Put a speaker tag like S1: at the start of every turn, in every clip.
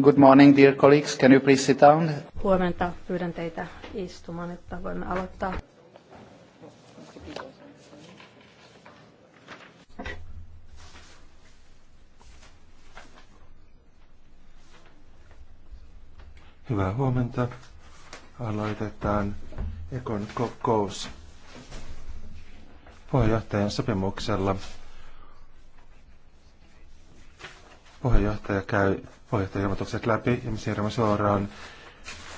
S1: Good morning, dear colleagues. Can you please sit down?
S2: Huomenta. Pyydän teitä istumaan, että voimme aloittaa.
S3: Hyvää huomenta. Aloitetaan Ekon kokous puheenjohtajan sopimuksella Puheenjohtaja käy puheenjohtajilmoitukset läpi ja me siirrymme suoraan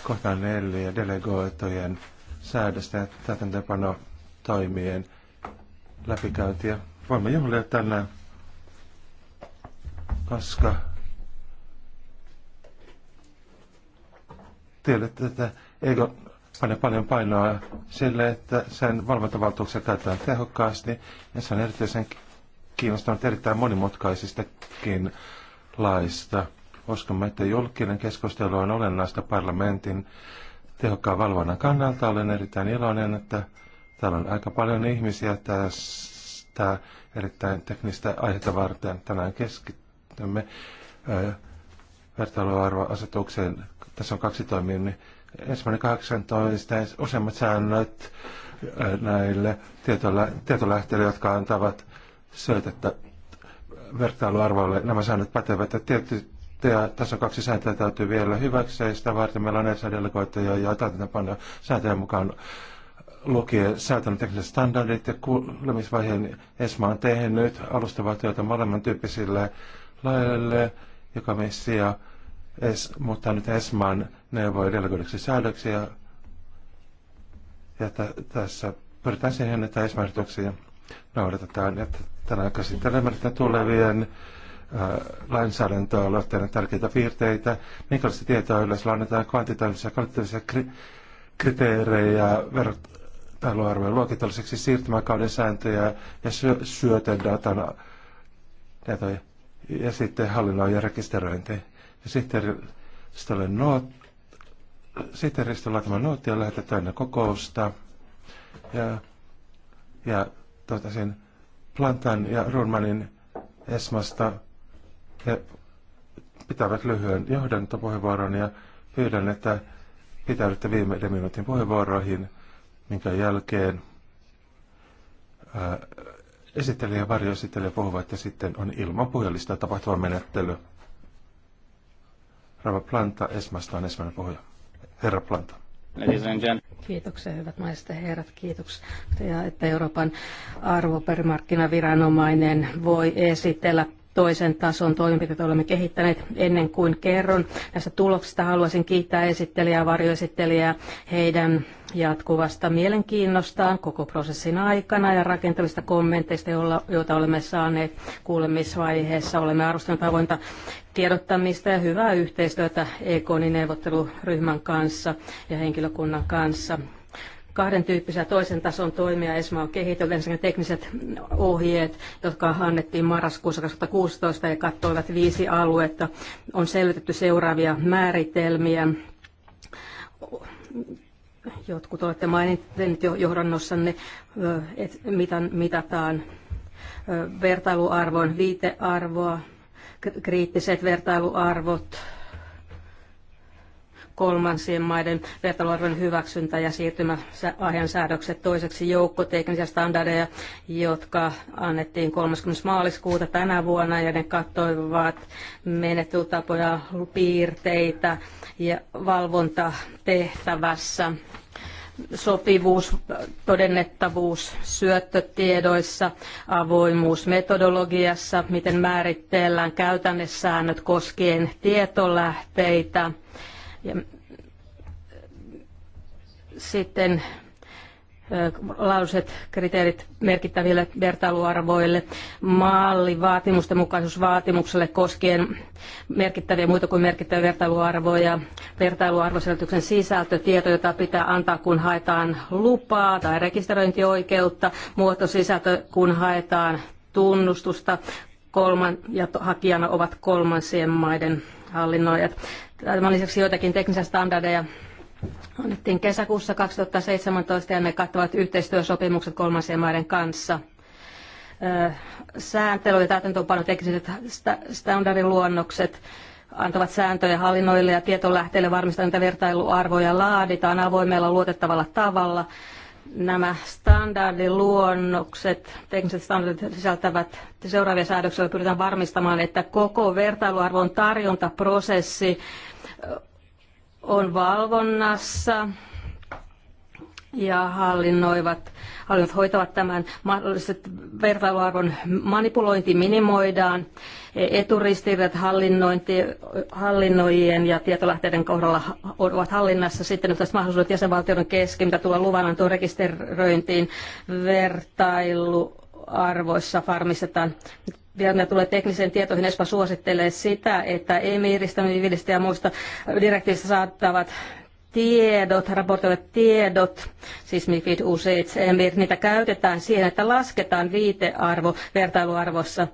S3: kohtaan neljä delegoitujen säädöstä ja täytäntöpano toimien läpikäyntiä. Voimme juhlia tänään, koska tiedätte, että Ego panee paljon painoa sille, että sen valvontavaltuuksia käytetään tehokkaasti ja se on erityisen kiinnostunut erittäin monimutkaisistakin laista. Uskomme, että julkinen keskustelu on olennaista parlamentin tehokkaan valvonnan kannalta. Olen erittäin iloinen, että täällä on aika paljon ihmisiä tästä erittäin teknistä aihetta varten. Tänään keskitymme vertailuarvoasetukseen. Tässä on kaksi toimia. Niin ensimmäinen 18, useimmat säännöt näille tietolähteille, jotka antavat syötettä vertailuarvoille nämä säännöt pätevät. Ja tietysti tässä on kaksi sääntöä täytyy vielä hyväksyä ja sitä varten meillä on näissä delegoittuja ja täytäntöpanoja sääntöjen mukaan lukien säätelyn tekniset standardit ja kuulemisvaiheen ESMA on tehnyt alustavaa työtä molemmin tyyppisille laille, joka messia es, mutta nyt ne voi delegoiduksi säädöksiä. Ja, ja t- tässä pyritään siihen, että esma noudatetaan. Ja tänään käsittelemme tulevien äh, lainsäädäntöaloitteiden tärkeitä piirteitä, minkälaista tietoa yleensä annetaan kvantitaalisia ja kvantitaalisia kri- kriteerejä vertailuarvojen luokitelliseksi siirtymäkauden sääntöjä ja sy- syötedatan tietoja ja sitten hallinnoin ja rekisteröinti. Ja sitten noot, tämä nootti lähetetty lähetetään kokousta. Ja, ja totesin Plantan ja Runmanin Esmasta. He pitävät lyhyen johdantopuheenvuoron ja pyydän, että pitäydytte viimeiden minuutin puheenvuoroihin, minkä jälkeen ää, esittelijä ja varjoesittelijä puhuvat ja sitten on ilman puhelista tapahtuva menettely. Rava Planta Esmasta on ensimmäinen puhuja. Herra Planta.
S2: Kiitoksia hyvät naiset ja herrat, kiitoksia, että Euroopan arvoperimarkkinaviranomainen voi esitellä toisen tason toimenpiteitä olemme kehittäneet. Ennen kuin kerron näistä tuloksista, haluaisin kiittää esittelijää, varjoesittelijää heidän jatkuvasta mielenkiinnostaan koko prosessin aikana ja rakentavista kommenteista, joita olemme saaneet kuulemisvaiheessa. Olemme arvostaneet avointa tiedottamista ja hyvää yhteistyötä EKONin neuvotteluryhmän kanssa ja henkilökunnan kanssa. Kahden tyyppisiä toisen tason toimia ESMA on kehitellyt ensinnäkin tekniset ohjeet, jotka annettiin marraskuussa 2016 ja kattoivat viisi aluetta. On selvitetty seuraavia määritelmiä Jotkut olette maininneet jo johdannossanne, että mitataan vertailuarvon viitearvoa, kriittiset vertailuarvot, kolmansien maiden vertailuarvojen hyväksyntä ja siirtymäajan säädökset toiseksi joukkoteknisiä standardeja, jotka annettiin 30. maaliskuuta tänä vuonna ja ne katsoivat menettelytapoja, piirteitä ja valvontatehtävässä sopivuus, todennettavuus syöttötiedoissa, avoimuus metodologiassa, miten määritellään käytännössäännöt koskien tietolähteitä, ja mm, sitten lauset, kriteerit merkittäville vertailuarvoille, malli vaatimusten mukaisuusvaatimukselle koskien merkittäviä muita kuin merkittäviä vertailuarvoja, vertailuarvoselityksen sisältö, tieto, jota pitää antaa, kun haetaan lupaa tai rekisteröintioikeutta, muoto, sisältö, kun haetaan tunnustusta, kolman, ja hakijana ovat kolmansien maiden hallinnoijat. Tämän lisäksi joitakin teknisiä standardeja annettiin kesäkuussa 2017 ja ne kattavat yhteistyösopimukset kolmansien maiden kanssa. Sääntely ja täytäntöönpano tekniset luonnokset antavat sääntöjä hallinnoille ja tietolähteille varmistaa että vertailuarvoja laaditaan avoimella luotettavalla tavalla nämä standardiluonnokset, tekniset standardit sisältävät seuraavia säädöksiä, pyritään varmistamaan, että koko vertailuarvon tarjontaprosessi on valvonnassa ja hallinnoivat, hallinnot hoitavat tämän mahdolliset vertailuarvon manipulointi minimoidaan, eturistiriidat hallinnointi, hallinnoijien ja tietolähteiden kohdalla ovat hallinnassa. Sitten on tässä mahdollisuudet jäsenvaltioiden kesken, mitä tulee luvanantoon rekisteröintiin, vertailuarvoissa varmistetaan vielä ne tulee tekniseen tietoihin, ESPA suosittelee sitä, että emiiristä, miiristä, ja muista direktiivistä saattavat tiedot, raportoivat tiedot, siis MIFID U7, niitä käytetään siihen, että lasketaan viitearvo vertailuarvossa.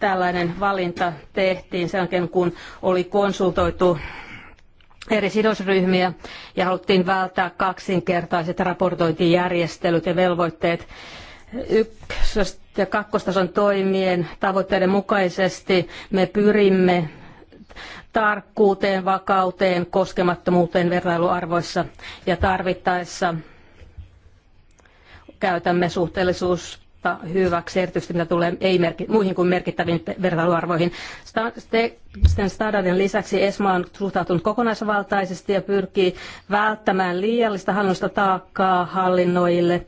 S2: Tällainen valinta tehtiin sen jälkeen, kun oli konsultoitu eri sidosryhmiä ja haluttiin välttää kaksinkertaiset raportointijärjestelyt ja velvoitteet ykkös- ja kakkostason toimien tavoitteiden mukaisesti me pyrimme tarkkuuteen, vakauteen, koskemattomuuteen vertailuarvoissa ja tarvittaessa käytämme suhteellisuutta hyväksi, erityisesti mitä tulee ei merki, muihin kuin merkittäviin vertailuarvoihin. Sitten standardin lisäksi ESMA on suhtautunut kokonaisvaltaisesti ja pyrkii välttämään liiallista hallinnollista taakkaa hallinnoille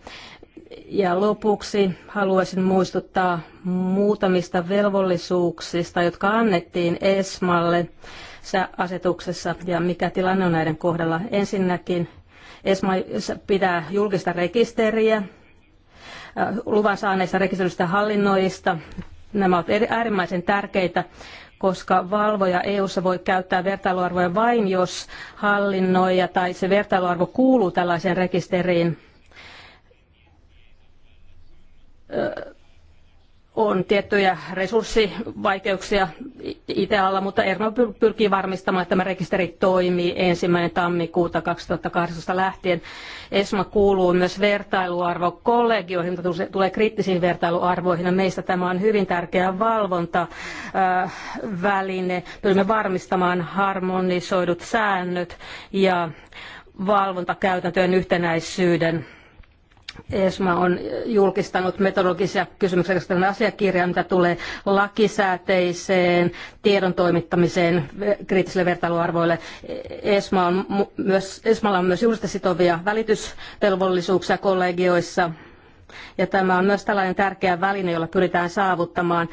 S2: ja lopuksi haluaisin muistuttaa muutamista velvollisuuksista, jotka annettiin ESMalle asetuksessa ja mikä tilanne on näiden kohdalla. Ensinnäkin ESMA pitää julkista rekisteriä äh, luvan saaneista rekisteristä hallinnoista. Nämä ovat äärimmäisen tärkeitä, koska valvoja EU:ssa voi käyttää vertailuarvoja vain, jos hallinnoija tai se vertailuarvo kuuluu tällaiseen rekisteriin on tiettyjä resurssivaikeuksia Itäalla, mutta ERMA pyrkii varmistamaan, että tämä rekisteri toimii ensimmäinen tammikuuta 2018 lähtien. ESMA kuuluu myös vertailuarvokollegioihin, mutta tulee kriittisiin vertailuarvoihin, ja no, meistä tämä on hyvin tärkeä valvontaväline. Pyrimme varmistamaan harmonisoidut säännöt ja valvontakäytäntöjen yhtenäisyyden ESMA on julkistanut metodologisia kysymyksiä asiakirjaa, asiakirjan, mitä tulee lakisääteiseen tiedon toimittamiseen kriittisille vertailuarvoille. ESMA on myös, ESMAlla on myös julkista sitovia välitysvelvollisuuksia kollegioissa. Ja tämä on myös tällainen tärkeä väline, jolla pyritään saavuttamaan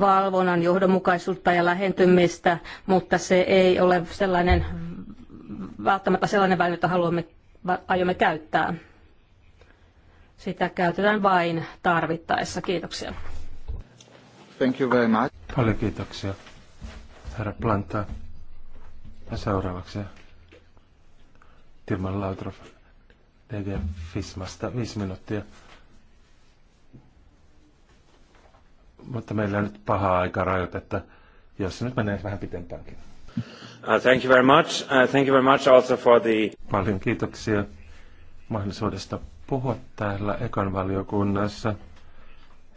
S2: valvonnan johdonmukaisuutta ja lähentymistä, mutta se ei ole sellainen, välttämättä sellainen väline, jota haluamme, aiomme käyttää. Sitä käytetään vain tarvittaessa. Kiitoksia.
S1: Thank you very much.
S3: Paljon kiitoksia, herra Planta. Ja seuraavaksi Tilman Lautrof, DG Fismasta, viisi minuuttia. Mutta meillä on nyt paha aika rajoitetta, jos nyt menee vähän pitempäänkin. Uh, thank you very much. Uh, thank you very much also for the... Paljon kiitoksia mahdollisuudesta puhua täällä ekan valiokunnassa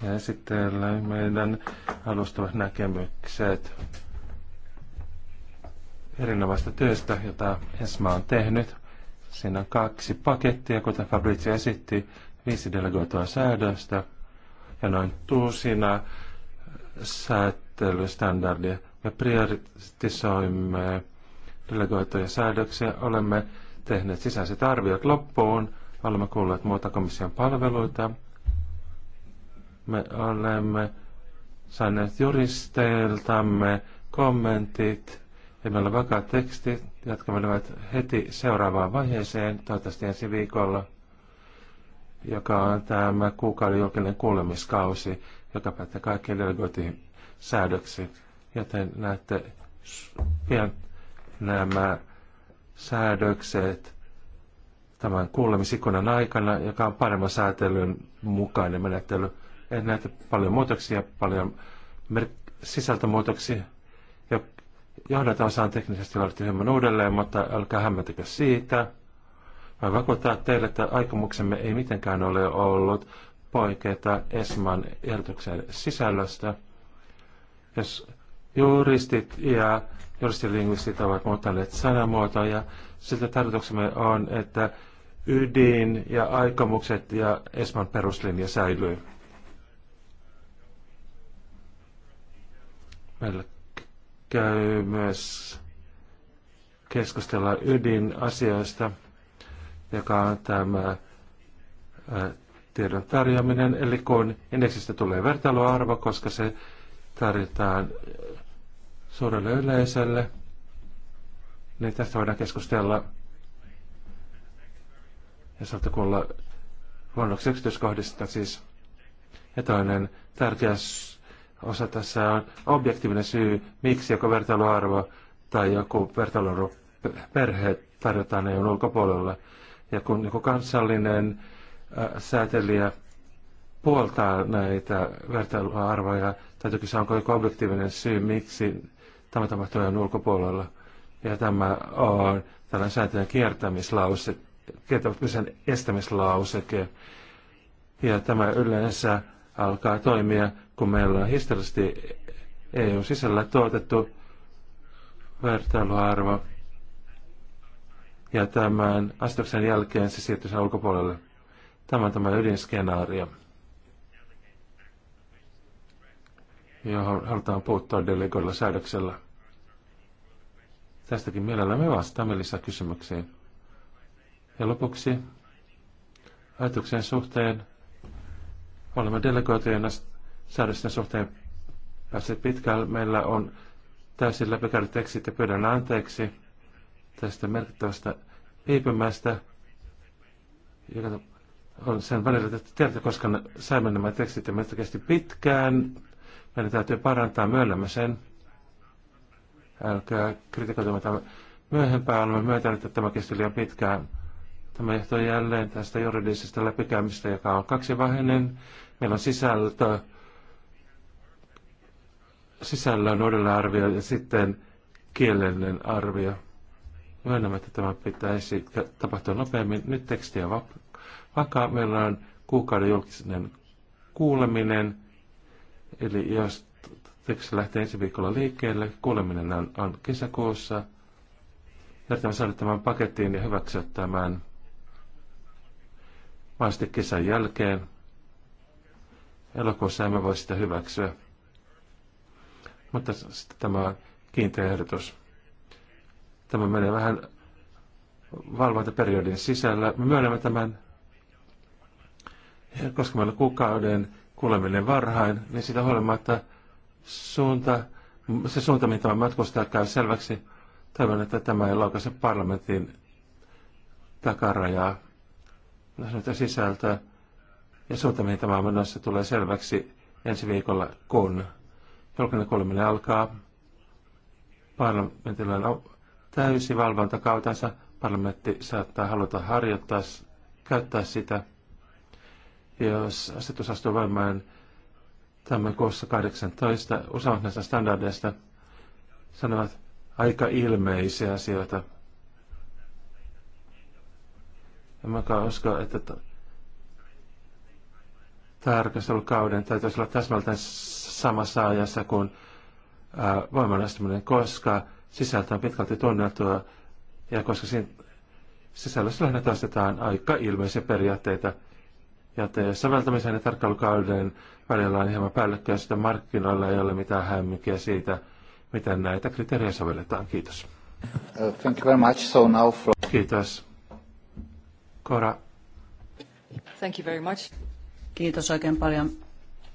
S3: ja esitellä meidän alustavat näkemykset erinomaista työstä, jota ESMA on tehnyt. Siinä on kaksi pakettia, kuten Fabrizio esitti, viisi delegoitua säädöstä ja noin tuusina säätelystandardia. Me prioritisoimme delegoituja säädöksiä, olemme tehneet sisäiset arviot loppuun – olemme kuulleet muuta komission palveluita. Me olemme saaneet juristeiltamme kommentit ja meillä on vakaat tekstit, jotka menevät heti seuraavaan vaiheeseen, toivottavasti ensi viikolla, joka on tämä kuukauden julkinen kuulemiskausi, joka päättää kaikki delegoitiin säädöksi. Joten näette pian nämä säädökset tämän kuulemisikonan aikana, joka on paremman säätelyn mukainen menettely. En näitä paljon muutoksia, paljon mer- sisältömuutoksia. Ja johdata osaan teknisesti laadittu hieman uudelleen, mutta älkää hämmentäkö siitä. Mä vakuuttaa teille, että aikomuksemme ei mitenkään ole ollut poiketa Esman ehdotuksen sisällöstä. Jos juristit ja juristilingvistit ovat muuttaneet sanamuotoja, siltä tarkoituksemme on, että ydin ja aikomukset ja Esman peruslinja säilyy. Meillä käy myös keskustella ydinasioista, joka on tämä tiedon tarjoaminen, eli kun indeksistä tulee vertailuarvo, koska se tarjotaan suurelle yleisölle, niin tästä voidaan keskustella ja saatte kuulla luonnoksi yksityiskohdista siis. Ja toinen tärkeä osa tässä on objektiivinen syy, miksi joku vertailuarvo tai joku vertailuarvo perhe tarjotaan EUn ulkopuolella. Ja kun joku kansallinen ää, säätelijä puoltaa näitä vertailuarvoja, toki se onko joku objektiivinen syy, miksi tämä tapahtuu EUn ulkopuolella. Ja tämä on tällainen säätelijän kiertämislause kiertävät estämislauseke. Ja tämä yleensä alkaa toimia, kun meillä on historiallisesti EU-sisällä tuotettu vertailuarvo. Ja tämän asetuksen jälkeen se siirtyy sen ulkopuolelle. Tämä on tämä ydinskenaario, johon halutaan puuttua delegoilla säädöksellä. Tästäkin mielellämme vastaamme kysymyksiin. Ja lopuksi ajatuksen suhteen olemme delegoitujen säädösten suhteen päässeet pitkään. Meillä on täysin läpikäydyt tekstit ja pyydän anteeksi tästä merkittävästä viipymästä, joka on sen välillä, että tiedätte, koska saimme nämä tekstit ja meiltä kesti pitkään. Meidän täytyy parantaa, myönnämme sen. Älkää kritikoitumatta myöhempään, olemme myöntäneet, että tämä kesti liian pitkään Tämä johtuu jälleen tästä juridisesta läpikäymistä, joka on kaksivaiheinen. Meillä on sisältö, sisällön arvio ja sitten kielellinen arvio. Myönnämme, että tämä pitäisi tapahtua nopeammin. Nyt tekstiä vakaa. Meillä on kuukauden julkinen kuuleminen. Eli jos teksti lähtee ensi viikolla liikkeelle, kuuleminen on, on kesäkuussa. Yritämme saada tämän pakettiin ja hyväksyä tämän sitten kesän jälkeen. Elokuussa emme voi sitä hyväksyä. Mutta sitten tämä kiinteä ehdotus. Tämä menee vähän valvontaperiodin sisällä. Me myönnämme tämän, ja koska meillä on kuukauden kuuleminen varhain, niin sitä huolimatta suunta, se suunta, mitä matkustaa, käy selväksi. Toivon, että tämä ei laukaise parlamentin takarajaa näitä no, sisältöä. Ja suunta, mihin tämä on menossa, tulee selväksi ensi viikolla, kun julkinen kuuleminen alkaa. Parlamentilla on täysi valvontakautensa. Parlamentti saattaa haluta harjoittaa, käyttää sitä. Jos asetus astuu voimaan tämän kuussa 18, useimmat näistä standardeista sanovat aika ilmeisiä asioita – en mäkään usko, että tarkastelukauden täytyisi olla täsmältään samassa ajassa kuin äh, voimanastuminen, koska sisältö on pitkälti tunneltua ja koska siinä sisällössä lähinnä taistetaan aika ilmeisiä periaatteita, ja jos säveltämisen ja niin tarkkailukauden välillä on hieman päällekkäistä markkinoilla, ei ole mitään hämminkiä siitä, miten näitä kriteerejä sovelletaan. Kiitos. Uh, thank you very much. So now from... Kiitos. Cora.
S4: Thank you very much. Kiitos oikein paljon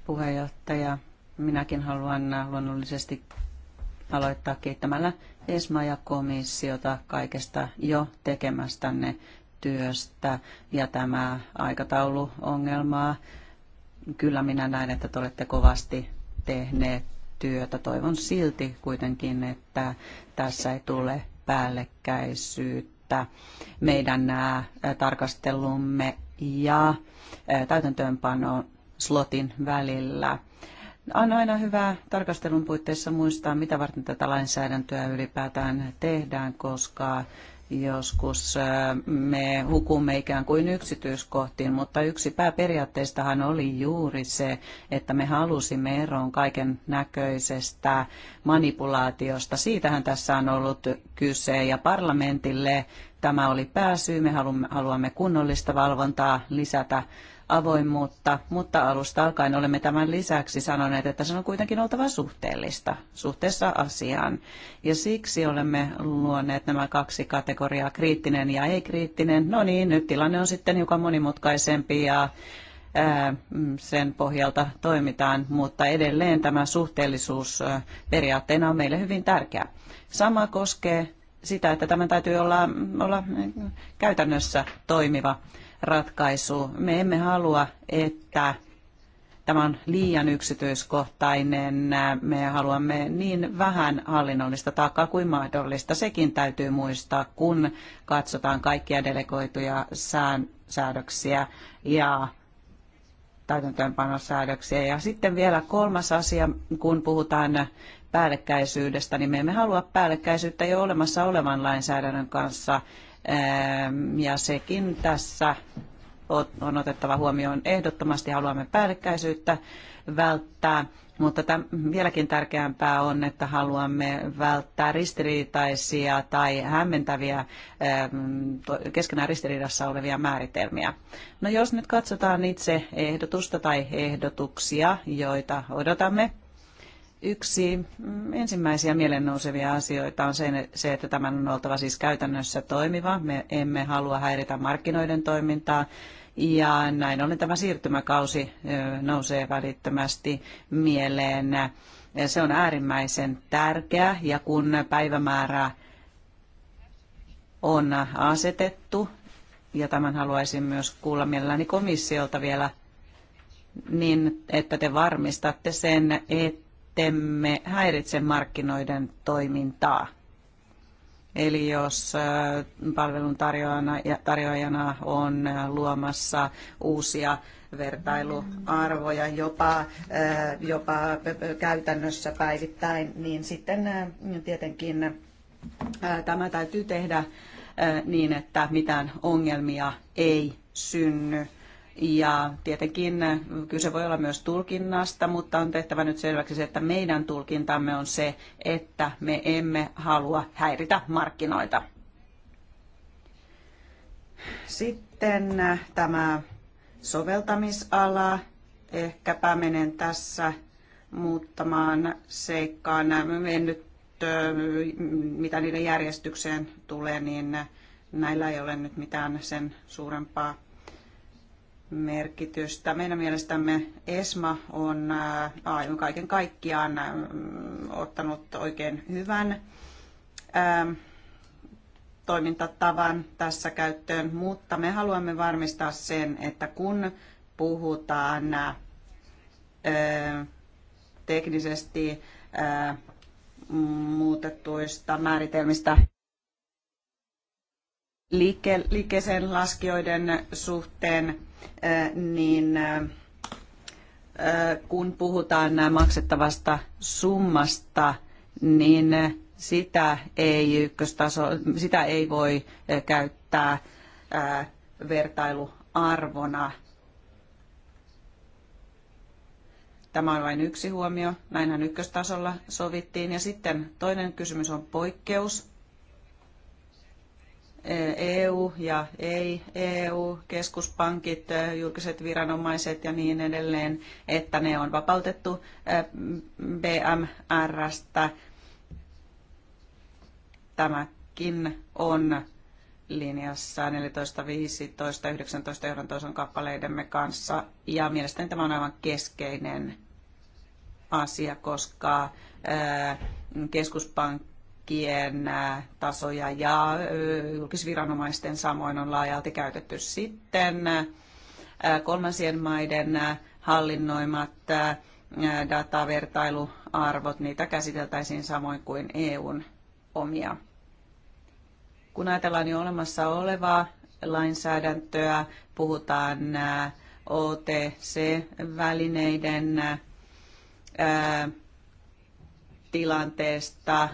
S4: puheenjohtaja. Minäkin haluan luonnollisesti aloittaa kiittämällä ESMA ja komissiota kaikesta jo tekemästänne työstä ja tämä aikatauluongelmaa. Kyllä minä näen, että te olette kovasti tehneet työtä. Toivon silti kuitenkin, että tässä ei tule päällekkäisyyttä että meidän tarkastelumme ja täytäntöönpano slotin välillä. On aina hyvä tarkastelun puitteissa muistaa, mitä varten tätä lainsäädäntöä ylipäätään tehdään, koska joskus äh, me hukumme ikään kuin yksityiskohtiin, mutta yksi pääperiaatteistahan oli juuri se, että me halusimme eroon kaiken näköisestä manipulaatiosta. Siitähän tässä on ollut kyse ja parlamentille tämä oli pääsy. Me haluamme kunnollista valvontaa lisätä avoimuutta, mutta alusta alkaen olemme tämän lisäksi sanoneet, että se on kuitenkin oltava suhteellista suhteessa asiaan. Ja siksi olemme luoneet nämä kaksi kategoriaa, kriittinen ja ei-kriittinen. No niin, nyt tilanne on sitten hiukan monimutkaisempi ja sen pohjalta toimitaan, mutta edelleen tämä suhteellisuus periaatteena on meille hyvin tärkeä. Sama koskee sitä, että tämän täytyy olla, olla käytännössä toimiva ratkaisu. Me emme halua, että tämä on liian yksityiskohtainen. Me haluamme niin vähän hallinnollista taakkaa kuin mahdollista. Sekin täytyy muistaa, kun katsotaan kaikkia delegoituja sään, säädöksiä ja täytäntöönpanosäädöksiä. Ja sitten vielä kolmas asia, kun puhutaan päällekkäisyydestä, niin me emme halua päällekkäisyyttä jo olemassa olevan lainsäädännön kanssa. Ehm, ja sekin tässä on otettava huomioon ehdottomasti. Haluamme päällekkäisyyttä välttää, mutta tämän, vieläkin tärkeämpää on, että haluamme välttää ristiriitaisia tai hämmentäviä, ehm, keskenään ristiriidassa olevia määritelmiä. No jos nyt katsotaan itse ehdotusta tai ehdotuksia, joita odotamme, Yksi ensimmäisiä mielennousevia asioita on se, että tämän on oltava siis käytännössä toimiva. Me emme halua häiritä markkinoiden toimintaa. Ja näin ollen tämä siirtymäkausi nousee välittömästi mieleen. Se on äärimmäisen tärkeä ja kun päivämäärä on asetettu, ja tämän haluaisin myös kuulla mielelläni komissiolta vielä, niin että te varmistatte sen, että ettemme häiritse markkinoiden toimintaa. Eli jos äh, palvelun tarjoajana on äh, luomassa uusia vertailuarvoja jopa, äh, jopa käytännössä päivittäin, niin sitten tietenkin tämä täytyy tehdä niin, että mitään ongelmia ei synny ja tietenkin kyse voi olla myös tulkinnasta, mutta on tehtävä nyt selväksi se, että meidän tulkintamme on se, että me emme halua häiritä markkinoita. Sitten äh, tämä soveltamisala. Ehkäpä menen tässä muuttamaan seikkaan. En nyt, äh, mitä niiden järjestykseen tulee, niin äh, näillä ei ole nyt mitään sen suurempaa merkitystä. Meidän mielestämme ESMA on äh, aivan kaiken kaikkiaan äh, ottanut oikein hyvän ähm, toimintatavan tässä käyttöön, mutta me haluamme varmistaa sen, että kun puhutaan äh, teknisesti muutettuista määritelmistä liikkeeseen laskijoiden suhteen, niin kun puhutaan maksettavasta summasta, niin sitä ei, ykköstaso, sitä ei voi käyttää vertailuarvona. Tämä on vain yksi huomio. Näinhän ykköstasolla sovittiin. Ja sitten toinen kysymys on poikkeus. EU e ja ei-EU, keskuspankit, julkiset viranomaiset ja niin edelleen, että ne on vapautettu BMRstä. Tämäkin on linjassa 14, 15, 19 euron toisen kappaleidemme kanssa. Ja mielestäni tämä on aivan keskeinen asia, koska keskuspankki pankkien tasoja ja julkisviranomaisten samoin on laajalti käytetty sitten kolmansien maiden hallinnoimat datavertailuarvot, niitä käsiteltäisiin samoin kuin EUn omia. Kun ajatellaan jo olemassa olevaa lainsäädäntöä, puhutaan OTC-välineiden tilanteesta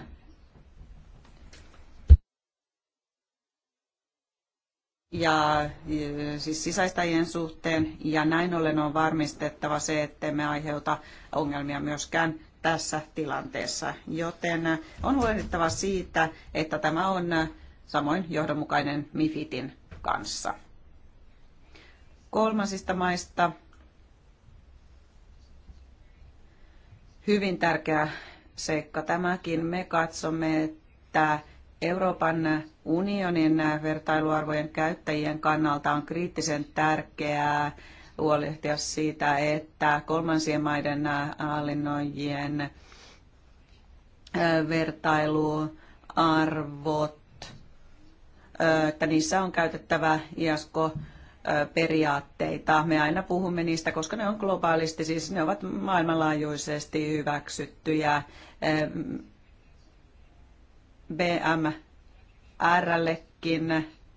S4: ja siis sisäistäjien suhteen ja näin ollen on varmistettava se, ettei me aiheuta ongelmia myöskään tässä tilanteessa. Joten on huolehdittava siitä, että tämä on samoin johdonmukainen MIFITin kanssa. Kolmansista maista hyvin tärkeä seikka tämäkin. Me katsomme, että Euroopan unionin vertailuarvojen käyttäjien kannalta on kriittisen tärkeää huolehtia siitä, että kolmansien maiden hallinnoijien äh, vertailuarvot, äh, että niissä on käytettävä IASKO periaatteita. Me aina puhumme niistä, koska ne on globaalisti, siis ne ovat maailmanlaajuisesti hyväksyttyjä äh, BMRllekin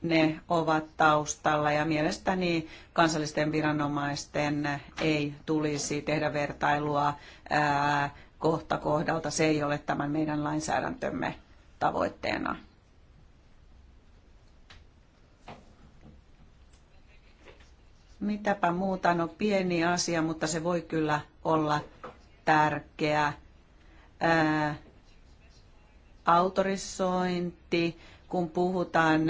S4: ne ovat taustalla ja mielestäni kansallisten viranomaisten ei tulisi tehdä vertailua kohta kohdalta. Se ei ole tämän meidän lainsäädäntömme tavoitteena. Mitäpä muuta? No pieni asia, mutta se voi kyllä olla tärkeä. Ää, autorisointi, kun puhutaan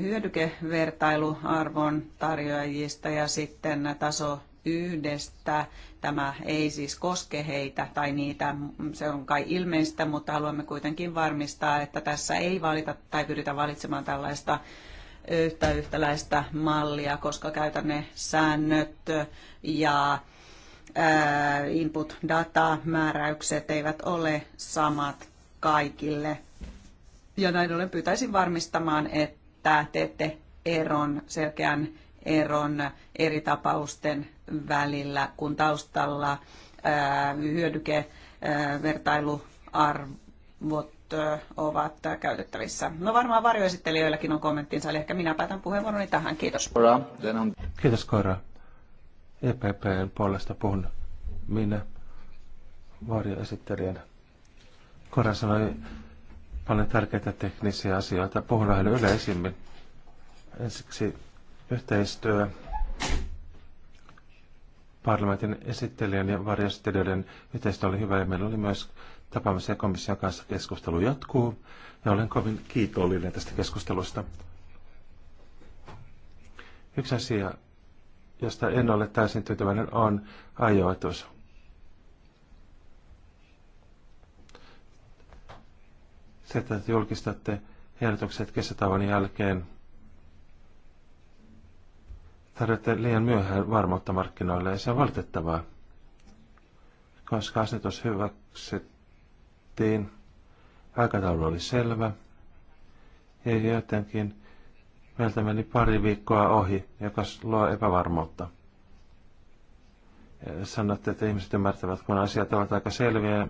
S4: hyödykevertailuarvon tarjoajista ja sitten taso yhdestä. Tämä ei siis koske heitä tai niitä, se on kai ilmeistä, mutta haluamme kuitenkin varmistaa, että tässä ei valita tai pyritä valitsemaan tällaista yhtä yhtäläistä mallia, koska käytämme säännöt ja input-data-määräykset eivät ole samat kaikille. Ja näin ollen pyytäisin varmistamaan, että teette eron, selkeän eron eri tapausten välillä, kun taustalla hyödykevertailuarvot vertailuarvot ovat käytettävissä. No varmaan varjoesittelijöilläkin on kommenttinsa, eli ehkä minä päätän puheenvuoroni tähän. Kiitos.
S3: Kiitos Koira. EPPn puolesta puhun minä varjoesittelijänä. Kora sanoi paljon tärkeitä teknisiä asioita. Puhun vähän yleisimmin. Ensiksi yhteistyö parlamentin esittelijän ja varjostelijoiden yhteistyö oli hyvä ja meillä oli myös tapaamisia komission kanssa. Keskustelu jatkuu ja olen kovin kiitollinen tästä keskustelusta. Yksi asia, josta en ole täysin tyytyväinen, on ajoitus. se, että julkistatte herätykset kesätavan jälkeen, tarjotte liian myöhään varmuutta markkinoille ja se on valitettavaa, koska asetus hyväksyttiin, aikataulu oli selvä ja jotenkin meiltä meni pari viikkoa ohi, joka luo epävarmuutta. sanotte, että ihmiset ymmärtävät, kun asiat ovat aika selviä,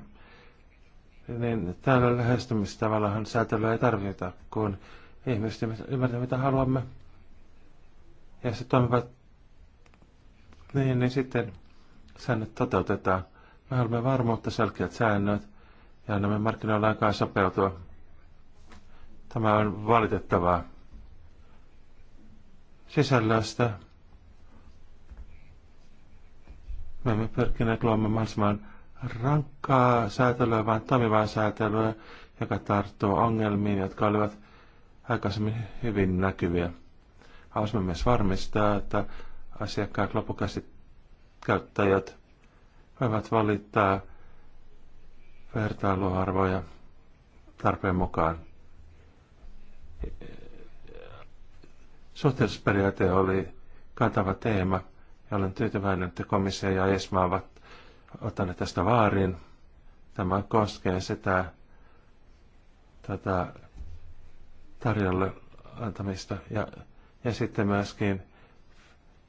S3: niin tällä lähestymistavallahan säätelyä ei tarvita, kun ihmiset ymmärtävät, mitä haluamme. Ja se toimivat niin, niin sitten säännöt toteutetaan. Me haluamme varmuutta, selkeät säännöt ja annamme markkinoilla aikaa sopeutua. Tämä on valitettavaa. Sisällöstä me emme pyrkineet luomaan mahdollisimman rankkaa säätelyä, vaan toimivaa säätelyä, joka tarttuu ongelmiin, jotka olivat aikaisemmin hyvin näkyviä. Haluaisimme myös varmistaa, että asiakkaat, käyttäjät voivat valittaa vertailuarvoja tarpeen mukaan. Suhteellisuusperiaate oli kantava teema ja olen tyytyväinen, että komissio ja ESMA ovat ne tästä vaarin. Tämä koskee sitä tätä tarjolle antamista ja, ja sitten myöskin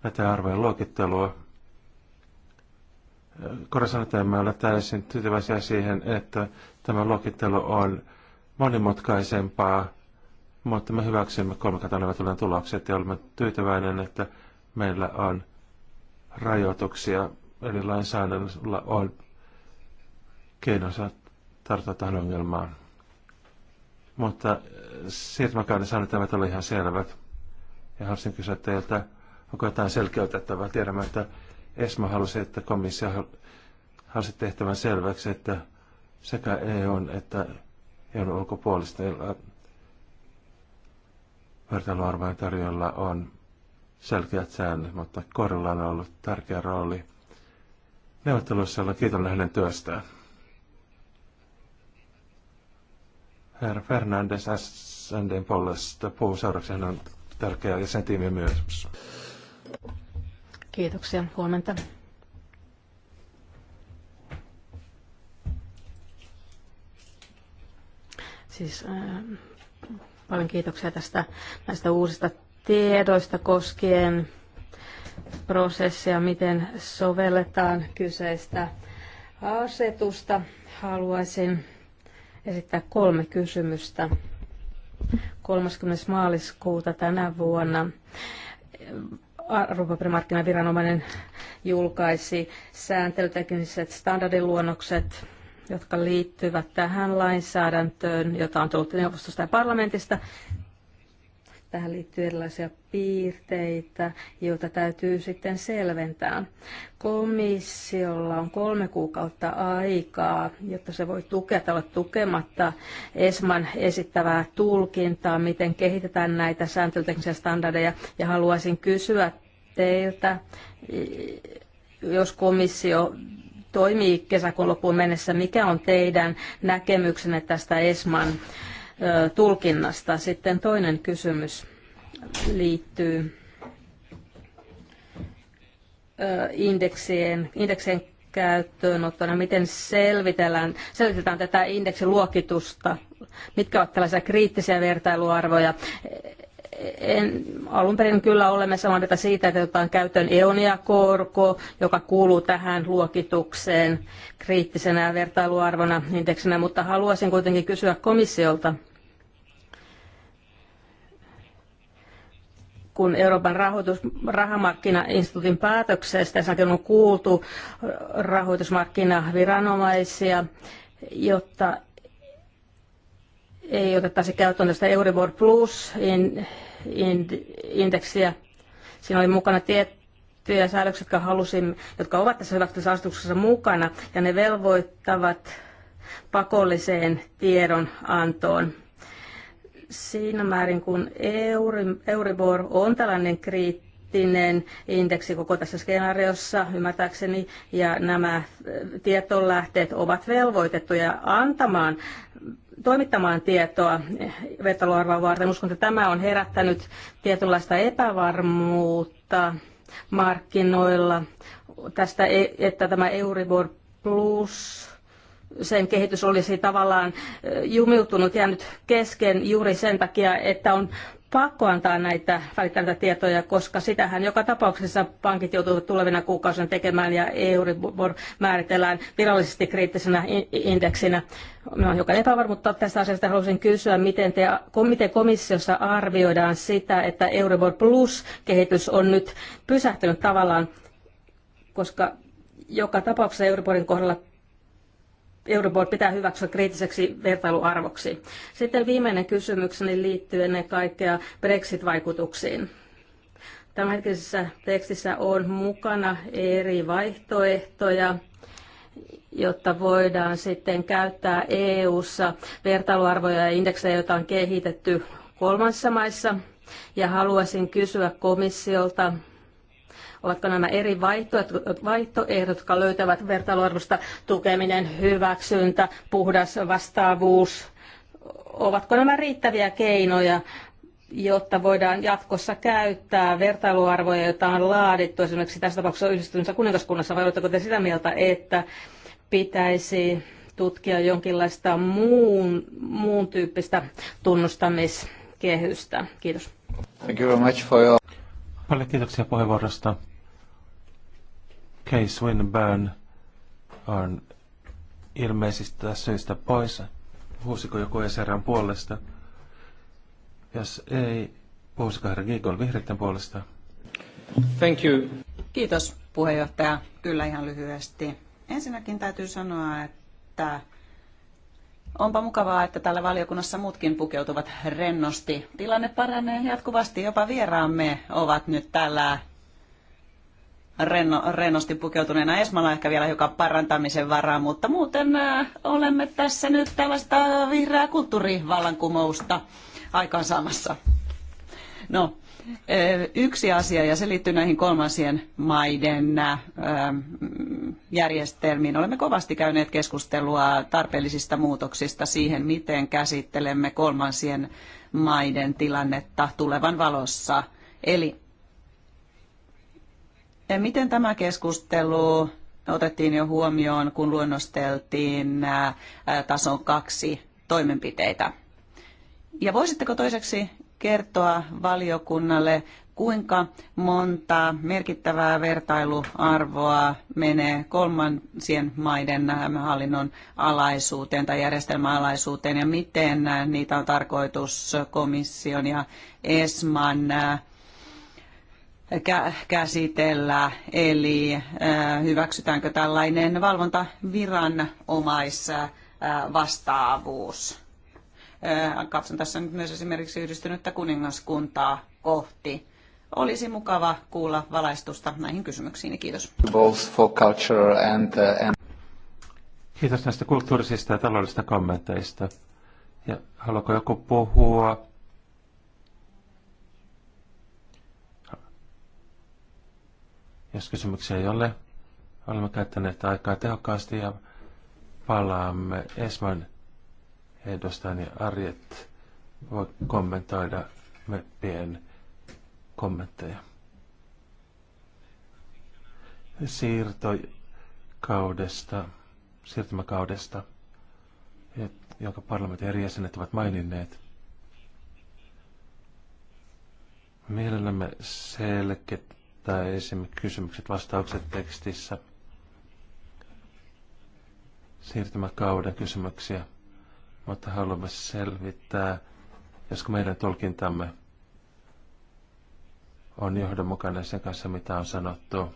S3: näitä arvojen luokittelua. Korosan, että emme ole täysin tyytyväisiä siihen, että tämä luokittelu on monimutkaisempaa, mutta me hyväksymme kolmikantaneuvottelujen tulokset ja olemme tyytyväinen, että meillä on rajoituksia Eli lainsäädännöllä on keinonsa tarttua tähän ongelmaan. Mutta siirtymäkauden säännöt eivät ole ihan selvät. Ja haluaisin kysyä teiltä, onko jotain selkeytettävää? Tiedämme, että ESMA halusi, että komissio halusi tehtävän selväksi, että sekä EU että EU ulkopuolisten vertailuarvojen tarjolla on selkeät säännöt, mutta korilla on ollut tärkeä rooli neuvotteluissa olla kiitollinen hänen työstään. Herra Fernandes SNDn puolesta puhuu seuraavaksi. Hän on tärkeä ja sen tiimi myös.
S2: Kiitoksia. Huomenta. Siis äh, paljon kiitoksia tästä näistä uusista tiedoista koskien prosessia, miten sovelletaan kyseistä asetusta. Haluaisin esittää kolme kysymystä. 30. maaliskuuta tänä vuonna arvopaperimarkkinaviranomainen julkaisi sääntelytekniset standardiluonnokset, jotka liittyvät tähän lainsäädäntöön, jota on tullut neuvostosta ja parlamentista. Tähän liittyy erilaisia piirteitä, joita täytyy sitten selventää. Komissiolla on kolme kuukautta aikaa, jotta se voi tukea tai olla tukematta ESMAN esittävää tulkintaa, miten kehitetään näitä sääntöteknisiä standardeja. Ja haluaisin kysyä teiltä, jos komissio toimii kesäkuun loppuun mennessä, mikä on teidän näkemyksenne tästä ESMAN tulkinnasta. Sitten toinen kysymys liittyy indeksien, indeksien käyttöönottona, miten selvitellään, selvitetään tätä indeksiluokitusta, mitkä ovat tällaisia kriittisiä vertailuarvoja. En, alun perin kyllä olemme samaa mieltä siitä, että otetaan käyttöön EONIA-korko, joka kuuluu tähän luokitukseen kriittisenä vertailuarvona indeksinä, mutta haluaisin kuitenkin kysyä komissiolta, kun Euroopan rahoitus, rahamarkkinainstituutin päätöksestä, tässäkin on kuultu rahoitusmarkkinaviranomaisia, jotta ei otettaisi käyttöön tästä Euribor Plus in, in, indeksiä. Siinä oli mukana tiettyjä säädöksiä, jotka, halusin, jotka ovat tässä hyväksytyssä asetuksessa mukana, ja ne velvoittavat pakolliseen tiedonantoon siinä määrin, kun Euribor on tällainen kriittinen indeksi koko tässä skenaariossa, ymmärtääkseni, ja nämä äh, tietolähteet ovat velvoitettuja antamaan toimittamaan tietoa vetolarvaa varten. Uskon, että tämä on herättänyt tietynlaista epävarmuutta markkinoilla tästä, e, että tämä Euribor Plus sen kehitys olisi tavallaan jumiutunut, jäänyt kesken juuri sen takia, että on pakko antaa näitä välittämättä tietoja, koska sitähän joka tapauksessa pankit joutuvat tulevina kuukausina tekemään ja Euribor määritellään virallisesti kriittisenä indeksinä. No, joka epävarmuutta tästä asiasta haluaisin kysyä, miten, te, miten komissiossa arvioidaan sitä, että Euribor Plus-kehitys on nyt pysähtynyt tavallaan, koska joka tapauksessa Euriborin kohdalla Eurobond pitää hyväksyä kriittiseksi vertailuarvoksi. Sitten viimeinen kysymykseni liittyy ennen kaikkea Brexit-vaikutuksiin. Tämänhetkisessä tekstissä on mukana eri vaihtoehtoja, jotta voidaan sitten käyttää EU-ssa vertailuarvoja ja indeksejä, joita on kehitetty kolmansissa maissa. Ja haluaisin kysyä komissiolta, Ovatko nämä eri vaihtoehdot, vaihtoehdot jotka löytävät vertailuarvosta tukeminen, hyväksyntä, puhdas vastaavuus, ovatko nämä riittäviä keinoja jotta voidaan jatkossa käyttää vertailuarvoja, joita on laadittu esimerkiksi tässä tapauksessa yhdistyneessä kuningaskunnassa, vai oletteko te sitä mieltä, että pitäisi tutkia jonkinlaista muun, muun tyyppistä tunnustamiskehystä? Kiitos.
S4: Thank you very much
S3: for your... Paljon kiitoksia puheenvuorosta. Kay Swinburne on ilmeisistä syistä pois. Huusiko joku SRN puolesta? Jos ei, puhusiko herra Giegel vihreiden puolesta? Thank you.
S4: Kiitos puheenjohtaja. Kyllä ihan lyhyesti. Ensinnäkin täytyy sanoa, että Onpa mukavaa, että täällä valiokunnassa muutkin pukeutuvat rennosti. Tilanne paranee jatkuvasti, jopa vieraamme ovat nyt täällä renno, rennosti pukeutuneena Esmalla ehkä vielä joka parantamisen varaa, mutta muuten äh, olemme tässä nyt tällaista vihreää kulttuurivallankumousta aikaansaamassa. No, äh, yksi asia, ja se liittyy näihin kolmansien maiden äh, järjestelmiin. Olemme kovasti käyneet keskustelua tarpeellisista muutoksista siihen, miten käsittelemme kolmansien maiden tilannetta tulevan valossa. Eli Miten tämä keskustelu otettiin jo huomioon, kun luonnosteltiin tason kaksi toimenpiteitä? Ja voisitteko toiseksi kertoa valiokunnalle, kuinka monta merkittävää vertailuarvoa menee kolmansien maiden hallinnon alaisuuteen tai järjestelmäalaisuuteen ja miten niitä on tarkoitus komission ja ESMAN käsitellä, eli hyväksytäänkö tällainen valvontaviranomaisvastaavuus. vastaavuus katson tässä nyt myös esimerkiksi yhdistynyttä kuningaskuntaa kohti. Olisi mukava kuulla valaistusta näihin kysymyksiin. Kiitos.
S1: Uh,
S3: Kiitos näistä kulttuurisista ja taloudellisista kommenteista. Ja haluaako joku puhua Jos kysymyksiä ei ole, olemme käyttäneet aikaa tehokkaasti ja palaamme Esman edustajan ja Arjet voi kommentoida meppien kommentteja. Siirtokaudesta, siirtymäkaudesta, jonka parlamentin eri jäsenet ovat maininneet. Mielellämme selkeä tai esim. kysymykset, vastaukset tekstissä, siirtymäkauden kysymyksiä, mutta haluamme selvittää, josko meidän tulkintamme on johdonmukainen sen kanssa, mitä on sanottu.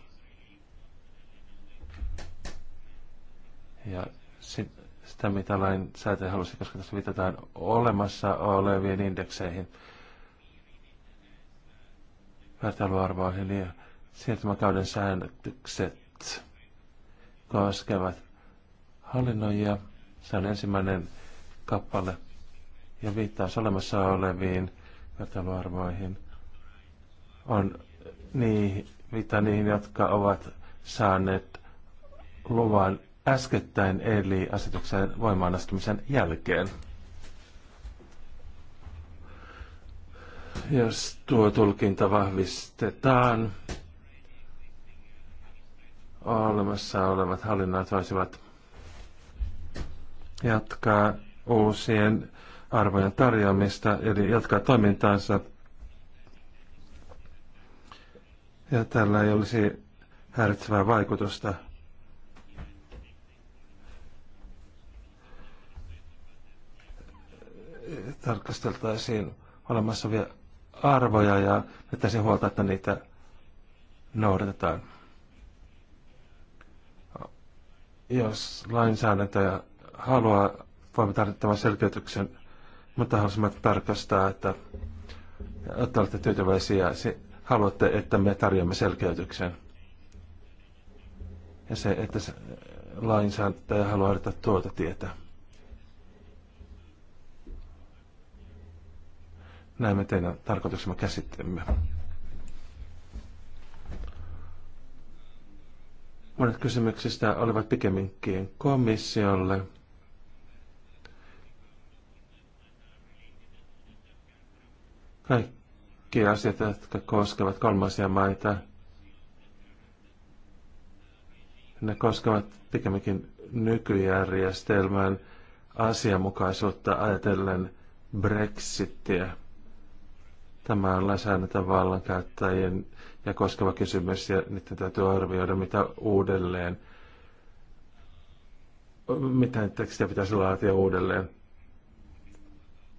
S3: Ja sitä, mitä lainsäätäjä halusi, koska tässä viitataan olemassa oleviin indekseihin, vertailuarvoihin ja siirtymäkauden säännökset koskevat hallinnoijia. Se on ensimmäinen kappale ja viittaus olemassa oleviin vertailuarvoihin. On niihin, viittaa niihin, jotka ovat saaneet luvan äskettäin eli asetuksen voimaanastumisen jälkeen. Jos tuo tulkinta vahvistetaan, olemassa olevat hallinnat voisivat jatkaa uusien arvojen tarjoamista, eli jatkaa toimintaansa. Ja tällä ei olisi häiritsevää vaikutusta. Tarkasteltaisiin olemassa vielä arvoja ja että se huolta, että niitä noudatetaan. Jos lainsäädäntöjä haluaa, voimme tarvittavan selkeytyksen, mutta haluaisimme tarkastaa, että että olette tyytyväisiä, haluatte, että me tarjoamme selkeytyksen. Ja se, että lainsäätäjä haluaa tuota tietä. näemme teidän tarkoituksemme käsitteemme. Monet kysymyksistä olivat pikemminkin komissiolle. Kaikki asiat, jotka koskevat kolmansia maita, ne koskevat pikemminkin nykyjärjestelmän asianmukaisuutta ajatellen Brexittiä. Tämä on lainsäädäntö vallankäyttäjien ja koskeva kysymys, ja niiden täytyy arvioida, mitä uudelleen, mitä tekstiä pitäisi laatia uudelleen.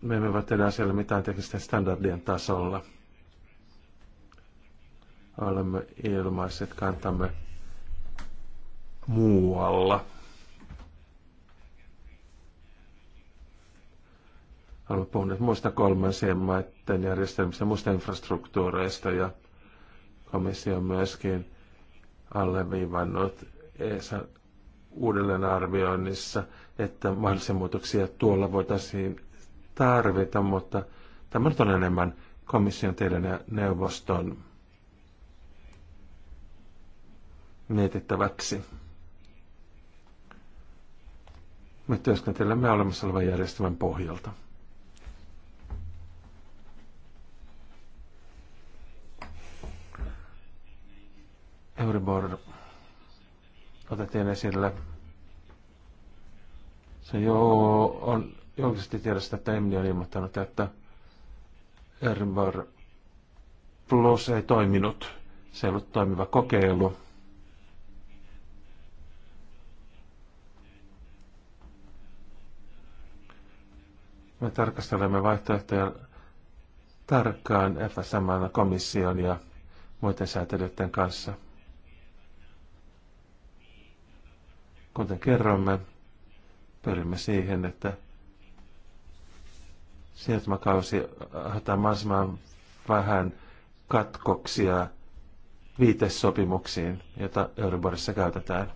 S3: Me emme voi tehdä siellä mitään teknisten standardien tasolla. Olemme ilmaiset kantamme muualla. Olemme puhuneet muista kolmansien maiden järjestelmistä, muista infrastruktuureista ja komissio on myöskin alleviivannut ESA uudelleenarvioinnissa, että mahdollisia muutoksia tuolla voitaisiin tarvita, mutta tämä on enemmän komission teidän ja neuvoston mietittäväksi. Me työskentelemme olemassa olevan järjestelmän pohjalta. Euribor otettiin esille. Se jo on julkisesti tiedossa, että Emni on ilmoittanut, että Euribor Plus ei toiminut. Se ei ollut toimiva kokeilu. Me tarkastelemme vaihtoehtoja tarkkaan FSM-komission ja muiden säätelyiden kanssa – Kuten kerroimme, pyrimme siihen, että siirtymäkausi aiheuttaa mahdollisimman vähän katkoksia viitesopimuksiin, joita Euriborissa käytetään.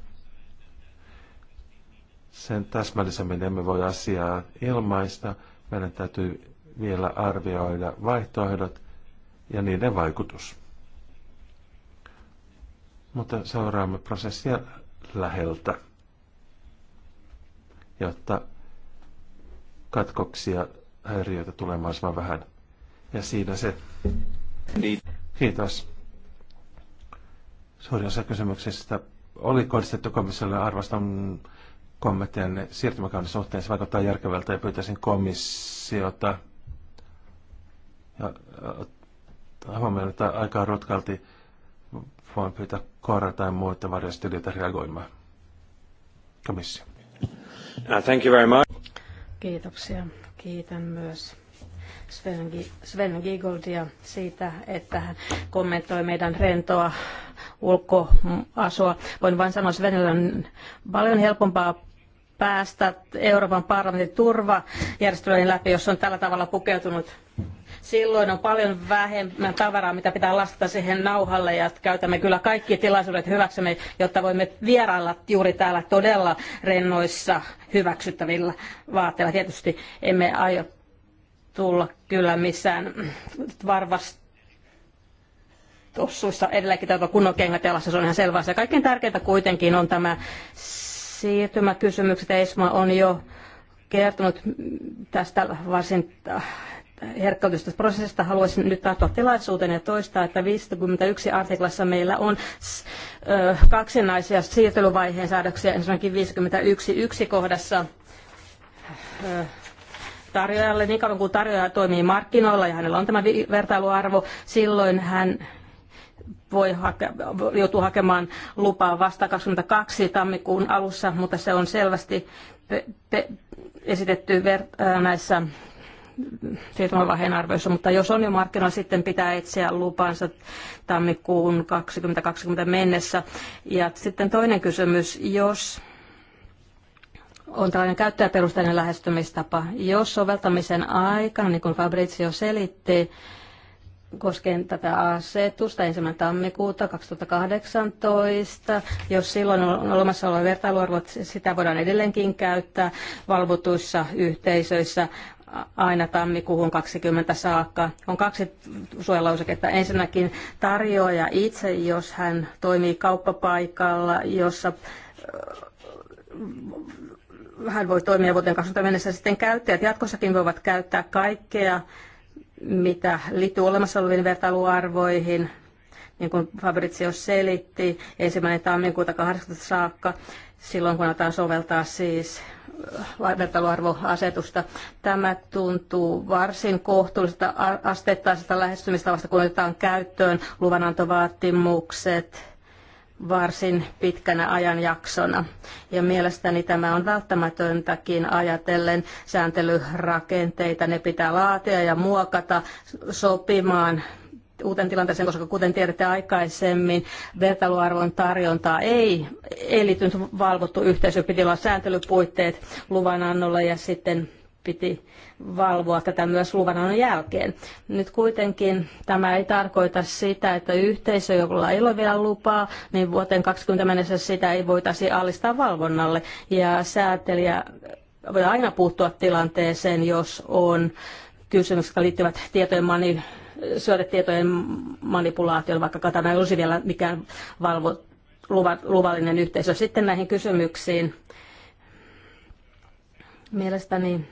S3: Sen täsmällisemmin emme voi asiaa ilmaista. Meidän täytyy vielä arvioida vaihtoehdot ja niiden vaikutus. Mutta seuraamme prosessia läheltä jotta katkoksia häiriöitä tulee mahdollisimman vähän. Ja siinä se. Kiitos. Suurin osa kysymyksistä oli kohdistettu komissiolle arvostan kommenttien siirtymäkauden suhteen. Se vaikuttaa järkevältä ja pyytäisin komissiota ja huomioon, että aika rutkalti voin pyytää Koora tai muita varjostelijoita reagoimaan. Komissio.
S2: Uh, thank you very much. Kiitoksia. Kiitän myös Sven, Sven Gigoldia siitä, että hän kommentoi meidän rentoa ulkoasua. Voin vain sanoa, että Svenillä on paljon helpompaa päästä Euroopan parlamentin turvajärjestelyjen läpi, jos on tällä tavalla pukeutunut Silloin on paljon vähemmän tavaraa, mitä pitää lastata siihen nauhalle ja käytämme kyllä kaikki tilaisuudet hyväksemme, jotta voimme vierailla juuri täällä todella rennoissa hyväksyttävillä vaatteilla. Tietysti emme aio tulla kyllä missään varvasti tossuissa edelleenkin täytyy kunnon kengät jalassa, se on ihan selvä Se Kaikkein tärkeintä kuitenkin on tämä siirtymäkysymykset. Esma on jo kertonut tästä varsin herkkautusta prosessista haluaisin nyt tarttua tilaisuuteen ja toistaa, että 51 artiklassa meillä on kaksinaisia siirtelyvaiheen säädöksiä, ensinnäkin yksi kohdassa tarjoajalle, niin kauan kuin tarjoaja toimii markkinoilla ja hänellä on tämä vertailuarvo, silloin hän voi hake, joutua hakemaan lupaa vasta 22 tammikuun alussa, mutta se on selvästi pe, pe, esitetty ver, näissä siirtymävaiheen arvioissa, mutta jos on jo markkinoilla, sitten pitää etsiä lupansa tammikuun 2020 mennessä. Ja sitten toinen kysymys, jos on tällainen käyttäjäperusteinen lähestymistapa. Jos soveltamisen aikana, niin kuin Fabrizio selitti, koskien tätä asetusta 1. tammikuuta 2018. Jos silloin on olemassa oleva vertailuarvo, sitä voidaan edelleenkin käyttää valvotuissa yhteisöissä aina tammikuuhun 20 saakka. On kaksi suojalauseketta. Ensinnäkin tarjoaja itse, jos hän toimii kauppapaikalla, jossa äh, hän voi toimia vuoteen 20 mennessä. Sitten käyttäjät jatkossakin voivat käyttää kaikkea, mitä liittyy olemassa oleviin vertailuarvoihin, niin kuin Fabrizio selitti, ensimmäinen tammikuuta 18 saakka, silloin kun aletaan soveltaa siis vertailuarvoasetusta. Tämä tuntuu varsin kohtuulliselta asteittaisesta lähestymistavasta, kun otetaan käyttöön luvanantovaatimukset varsin pitkänä ajanjaksona. Ja mielestäni tämä on välttämätöntäkin ajatellen sääntelyrakenteita. Ne pitää laatia ja muokata sopimaan uuteen tilanteeseen, koska kuten tiedätte aikaisemmin, vertailuarvon tarjontaa ei liittynyt valvottu yhteisö, piti olla sääntelypuitteet luvanannolle ja sitten piti valvoa tätä myös luvanannon jälkeen. Nyt kuitenkin tämä ei tarkoita sitä, että yhteisö, jolla ei ole vielä lupaa, niin vuoteen 20 mennessä sitä ei voitaisi alistaa valvonnalle. Ja säätelijä voi aina puuttua tilanteeseen, jos on kysymyksiä, jotka liittyvät tietojen mani syötetietojen manipulaatiolla, vaikka Katana ei olisi vielä mikään valvo, luva, luvallinen yhteisö. Sitten näihin kysymyksiin. Mielestäni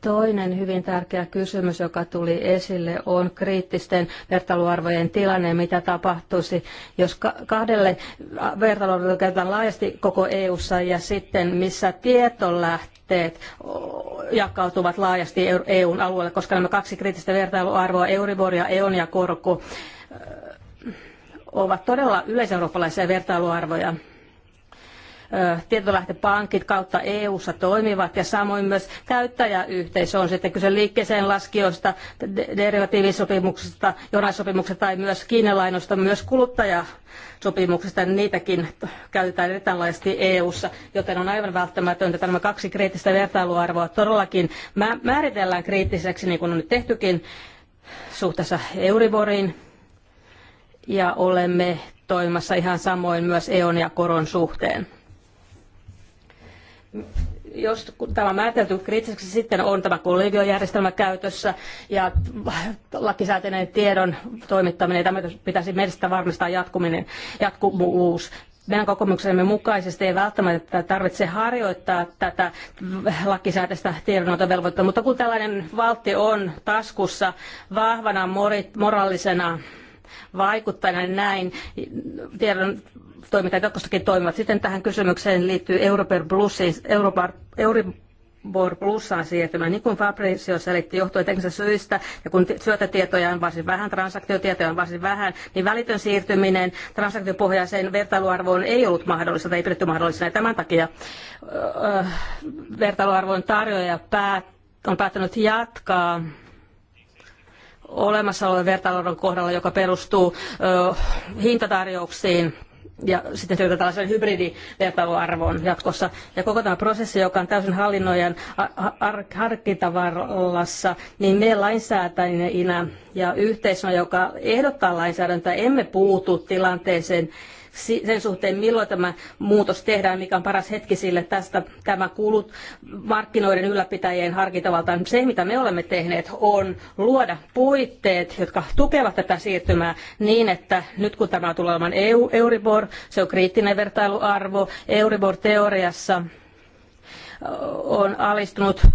S2: Toinen hyvin tärkeä kysymys, joka tuli esille, on kriittisten vertailuarvojen tilanne, mitä tapahtuisi, jos kahdelle vertailuarvoille käytetään laajasti koko EU-ssa ja sitten missä tieto lähtee jätteet jakautuvat laajasti EUn alueelle, koska nämä kaksi kriittistä vertailuarvoa, Euribor ja EON ja korko, ovat todella yleiseurooppalaisia vertailuarvoja tietolähdepankit kautta EU-ssa toimivat ja samoin myös käyttäjäyhteisö on sitten kyse liikkeeseen laskijoista, derivatiivisopimuksista, jonaissopimuksista tai myös kiinalainoista, myös kuluttaja sopimuksesta, niin niitäkin käytetään erilaisesti EU-ssa, joten on aivan välttämätöntä, että nämä kaksi kriittistä vertailuarvoa todellakin määritellään kriittiseksi, niin kuin on nyt tehtykin suhteessa Euriboriin, ja olemme toimimassa ihan samoin myös EON ja koron suhteen jos tämä on määritelty kriittiseksi, sitten on tämä kollegiojärjestelmä käytössä ja lakisääteinen tiedon toimittaminen. Tämä pitäisi mielestäni varmistaa jatkuminen, jatkuvuus. Meidän kokemuksemme mukaisesti ei välttämättä tarvitse harjoittaa tätä lakisääteistä tiedonantovelvoitetta, mutta kun tällainen valtti on taskussa vahvana moraalisena vaikuttajana niin näin tiedon toimittajat jatkossakin toimivat. Sitten tähän kysymykseen liittyy Europer Plusin, Europar, Euribor Plussaan siirtymään. Niin kuin Fabricio selitti, johtuen teknisistä syistä, ja kun syötätietoja on varsin vähän, transaktiotietoja on varsin vähän, niin välitön siirtyminen transaktiopohjaiseen vertailuarvoon ei ollut mahdollista tai ei pidetty mahdollisena. Ja tämän takia öö, vertailuarvon tarjoaja päät, on päättänyt jatkaa olemassa olevan vertailuarvon kohdalla, joka perustuu ö, hintatarjouksiin ja sitten työtä tällaisen hybridivertailuarvoon jatkossa. Ja koko tämä prosessi, joka on täysin hallinnoijan harkintavallassa, niin me lainsäätäjinä ja yhteisönä, joka ehdottaa lainsäädäntöä, emme puutu tilanteeseen sen suhteen, milloin tämä muutos tehdään, mikä on paras hetki sille. Tästä tämä kulut markkinoiden ylläpitäjien harkintavaltaan. Se, mitä me olemme tehneet, on luoda puitteet, jotka tukevat tätä siirtymää niin, että nyt kun tämä tulee olemaan EU, Euribor, se on kriittinen vertailuarvo, Euribor teoriassa on alistunut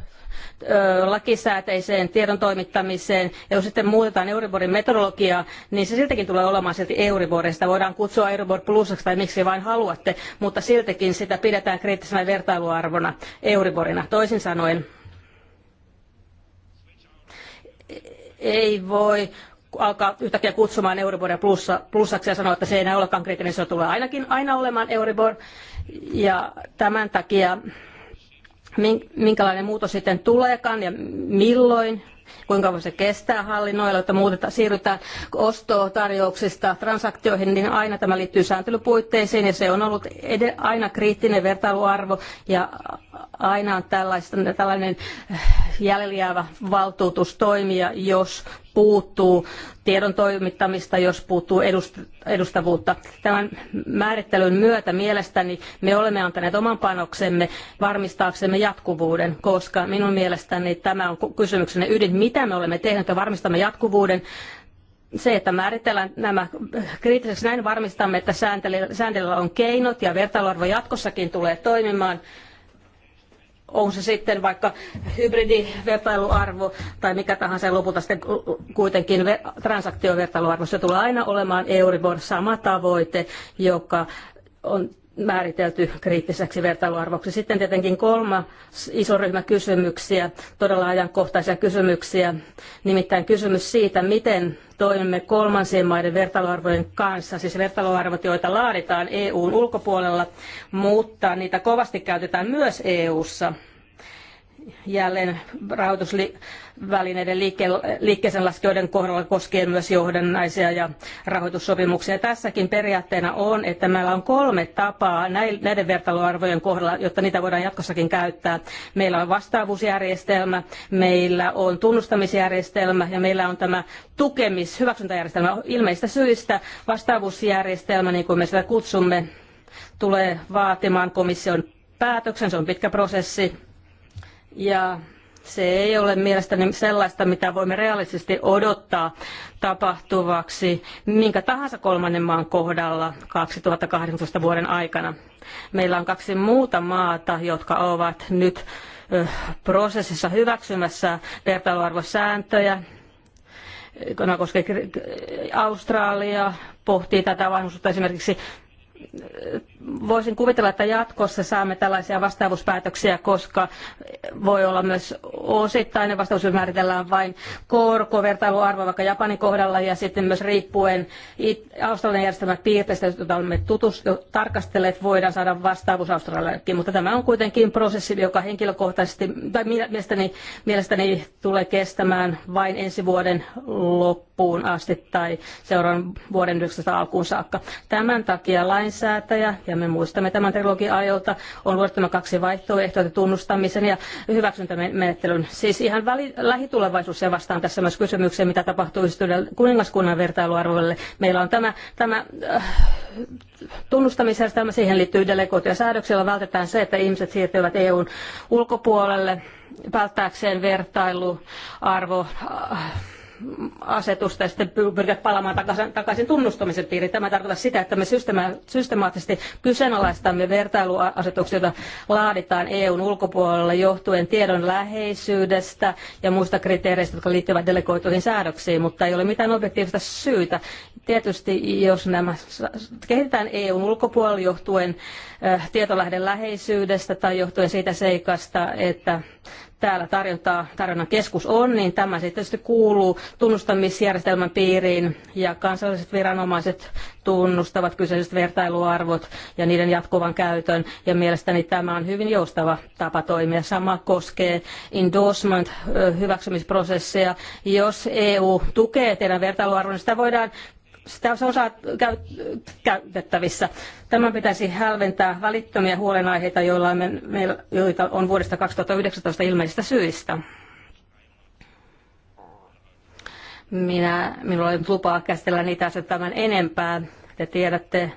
S2: lakisääteiseen tiedon toimittamiseen. Ja jos sitten muutetaan Euriborin metodologiaa, niin se siltikin tulee olemaan silti Euriborin. Sitä voidaan kutsua Euribor plusaksi tai miksi vain haluatte, mutta siltikin sitä pidetään kriittisenä vertailuarvona Euriborina. Toisin sanoen, ei voi alkaa yhtäkkiä kutsumaan Euriboria plussa, plussaksi ja sanoa, että se ei enää olekaan kriittinen, se tulee ainakin aina olemaan Euribor. Ja tämän takia minkälainen muutos sitten tuleekaan ja milloin, kuinka se kestää hallinnoilla, että muutetaan, siirrytään ostotarjouksista transaktioihin, niin aina tämä liittyy sääntelypuitteisiin ja se on ollut ed- aina kriittinen vertailuarvo ja aina on tällainen äh, jäljellä valtuutus toimia, jos puuttuu tiedon toimittamista, jos puuttuu edustavuutta. Tämän määrittelyn myötä mielestäni me olemme antaneet oman panoksemme varmistaaksemme jatkuvuuden, koska minun mielestäni tämä on kysymyksenne ydin, mitä me olemme tehneet ja varmistamme jatkuvuuden se, että määritellään nämä kriittiseksi, näin varmistamme, että sääntelyllä on keinot ja vertailuarvo jatkossakin tulee toimimaan on se sitten vaikka hybridivertailuarvo tai mikä tahansa lopulta sitten kuitenkin transaktiovertailuarvo, se tulee aina olemaan Euribor sama tavoite, joka on määritelty kriittiseksi vertailuarvoksi. Sitten tietenkin kolma iso ryhmä kysymyksiä, todella ajankohtaisia kysymyksiä, nimittäin kysymys siitä, miten toimimme kolmansien maiden vertailuarvojen kanssa, siis vertailuarvot, joita laaditaan EUn ulkopuolella, mutta niitä kovasti käytetään myös EUssa jälleen rahoitusvälineiden liikkeeseen laskijoiden kohdalla koskee myös johdannaisia ja rahoitussopimuksia. Tässäkin periaatteena on, että meillä on kolme tapaa näiden vertailuarvojen kohdalla, jotta niitä voidaan jatkossakin käyttää. Meillä on vastaavuusjärjestelmä, meillä on tunnustamisjärjestelmä ja meillä on tämä tukemis, hyväksyntäjärjestelmä ilmeistä syistä. Vastaavuusjärjestelmä, niin kuin me sitä kutsumme, tulee vaatimaan komission päätöksen. Se on pitkä prosessi ja se ei ole mielestäni sellaista, mitä voimme realistisesti odottaa tapahtuvaksi minkä tahansa kolmannen maan kohdalla 2018 vuoden aikana. Meillä on kaksi muuta maata, jotka ovat nyt prosessissa hyväksymässä vertailuarvosääntöjä. koska Australia, pohtii tätä vanhusta esimerkiksi voisin kuvitella, että jatkossa saamme tällaisia vastaavuuspäätöksiä, koska voi olla myös osittainen vastaus, jos määritellään vain korkovertailuarvo vaikka Japanin kohdalla ja sitten myös riippuen Australian järjestelmät piirteistä, joita olemme tutustu, tarkastelleet, voidaan saada vastaavuus Australiallekin, mutta tämä on kuitenkin prosessi, joka henkilökohtaisesti tai mielestäni, mielestäni tulee kestämään vain ensi vuoden loppuun asti tai seuraavan vuoden 19 alkuun saakka. Tämän takia lain lainsäätäjä, ja me muistamme tämän trilogia-ajolta, on luotu nämä kaksi vaihtoehtoa, tunnustamisen ja hyväksyntämenettelyn. Siis ihan väli, lähitulevaisuus, vastaan tässä myös kysymykseen, mitä tapahtuu kuningaskunnan vertailuarvoille. Meillä on tämä, tämä äh, tunnustamisjärjestelmä, siihen liittyy delegoituja säädöksillä, vältetään se, että ihmiset siirtyvät EUn ulkopuolelle välttääkseen vertailuarvo äh, asetusta ja sitten pyrkiä palaamaan takaisin, takaisin tunnustamisen piiriin. Tämä tarkoittaa sitä, että me systemaattisesti kyseenalaistamme vertailuasetuksia, joita laaditaan EUn ulkopuolella johtuen tiedon läheisyydestä ja muista kriteereistä, jotka liittyvät delegoituihin säädöksiin, mutta ei ole mitään objektiivista syytä. Tietysti jos nämä kehitetään EUn ulkopuolella johtuen tietolähden läheisyydestä tai johtuen siitä seikasta, että täällä tarjontaa, tarjonnan keskus on, niin tämä sitten tietysti kuuluu tunnustamisjärjestelmän piiriin ja kansalliset viranomaiset tunnustavat kyseiset vertailuarvot ja niiden jatkuvan käytön. Ja mielestäni tämä on hyvin joustava tapa toimia. Sama koskee endorsement hyväksymisprosesseja. Jos EU tukee teidän vertailuarvon, niin sitä voidaan sitä osa käytettävissä. Tämän pitäisi hälventää välittömiä huolenaiheita, joilla meillä, joita on vuodesta 2019 ilmeisistä syistä. Minä, minulla on lupaa käsitellä niitä asioita tämän enempää. Te tiedätte,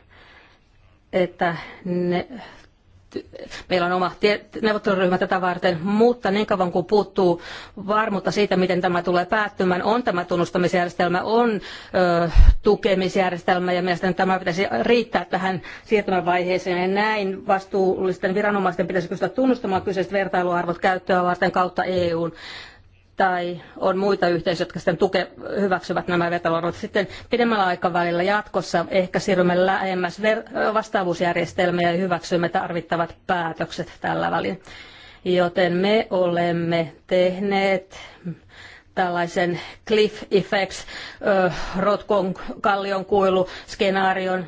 S2: että ne meillä on oma neuvotteluryhmä tätä varten, mutta niin kauan kuin puuttuu varmuutta siitä, miten tämä tulee päättymään, on tämä tunnustamisjärjestelmä, on ö, tukemisjärjestelmä ja mielestäni tämä pitäisi riittää tähän siirtymävaiheeseen ja näin vastuullisten viranomaisten pitäisi pystyä tunnustamaan kyseiset vertailuarvot käyttöä varten kautta EUn tai on muita yhteisöjä, jotka sitten tuke, hyväksyvät nämä vetovarot. Sitten pidemmällä aikavälillä jatkossa ehkä siirrymme lähemmäs ver- vastaavuusjärjestelmiä ja hyväksymme tarvittavat päätökset tällä välin. Joten me olemme tehneet tällaisen cliff effects, rotkon kallion kuilu, skenaarion,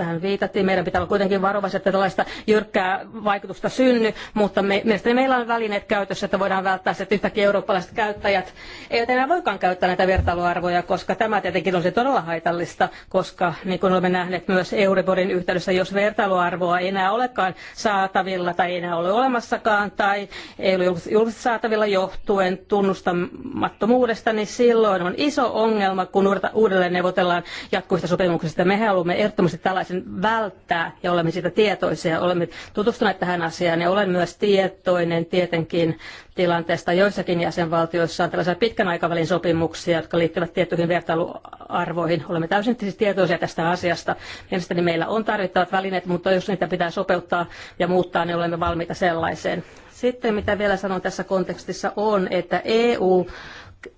S2: tähän viitattiin. Meidän pitää olla kuitenkin varovaisia, että tällaista jyrkkää vaikutusta synny, mutta me, mielestäni meillä on välineet käytössä, että voidaan välttää se, että yhtäkkiä eurooppalaiset käyttäjät eivät enää voikaan käyttää näitä vertailuarvoja, koska tämä tietenkin se todella haitallista, koska niin kuin olemme nähneet myös Euriborin yhteydessä, jos vertailuarvoa ei enää olekaan saatavilla tai ei enää ole olemassakaan tai ei ole julkisesti saatavilla johtuen tunnustamattomuudesta, niin silloin on iso ongelma, kun uudelleen neuvotellaan jatkuvista sopimuksista. Me haluamme ehdottomasti tällaisia sen välttää ja olemme siitä tietoisia. Olemme tutustuneet tähän asiaan ja olen myös tietoinen tietenkin tilanteesta joissakin jäsenvaltioissa on tällaisia pitkän aikavälin sopimuksia, jotka liittyvät tiettyihin vertailuarvoihin. Olemme täysin siis tietoisia tästä asiasta. Mielestäni meillä on tarvittavat välineet, mutta jos niitä pitää sopeuttaa ja muuttaa, niin olemme valmiita sellaiseen. Sitten mitä vielä sanon tässä kontekstissa on, että EU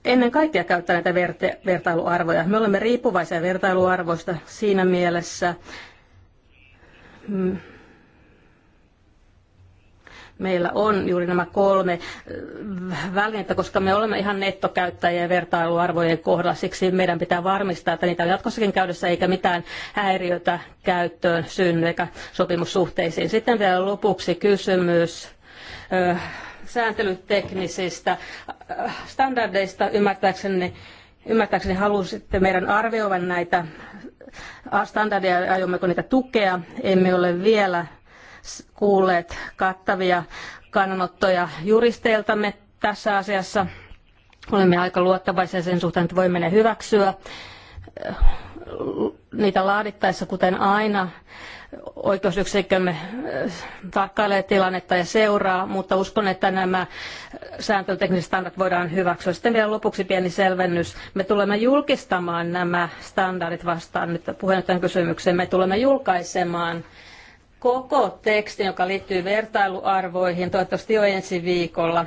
S2: ennen kaikkea käyttää näitä verte, vertailuarvoja. Me olemme riippuvaisia vertailuarvoista siinä mielessä. Mm, meillä on juuri nämä kolme äh, välinettä, koska me olemme ihan nettokäyttäjiä vertailuarvojen kohdalla, siksi meidän pitää varmistaa, että niitä on jatkossakin käydessä eikä mitään häiriötä käyttöön synny eikä sopimussuhteisiin. Sitten vielä lopuksi kysymys äh, sääntelyteknisistä äh, standardeista ymmärtääkseni, ymmärtääkseni halusitte meidän arvioivan näitä äh, standardeja ja aiommeko niitä tukea. Emme ole vielä kuulleet kattavia kannanottoja juristeiltamme tässä asiassa. Olemme aika luottavaisia sen suhteen, että voimme ne hyväksyä äh, niitä laadittaessa, kuten aina, oikeusyksikkömme äh, tarkkailee tilannetta ja seuraa, mutta uskon, että nämä sääntötekniset standardit voidaan hyväksyä. Sitten vielä lopuksi pieni selvennys. Me tulemme julkistamaan nämä standardit vastaan nyt puheenjohtajan kysymykseen. Me tulemme julkaisemaan koko tekstin, joka liittyy vertailuarvoihin, toivottavasti jo ensi viikolla.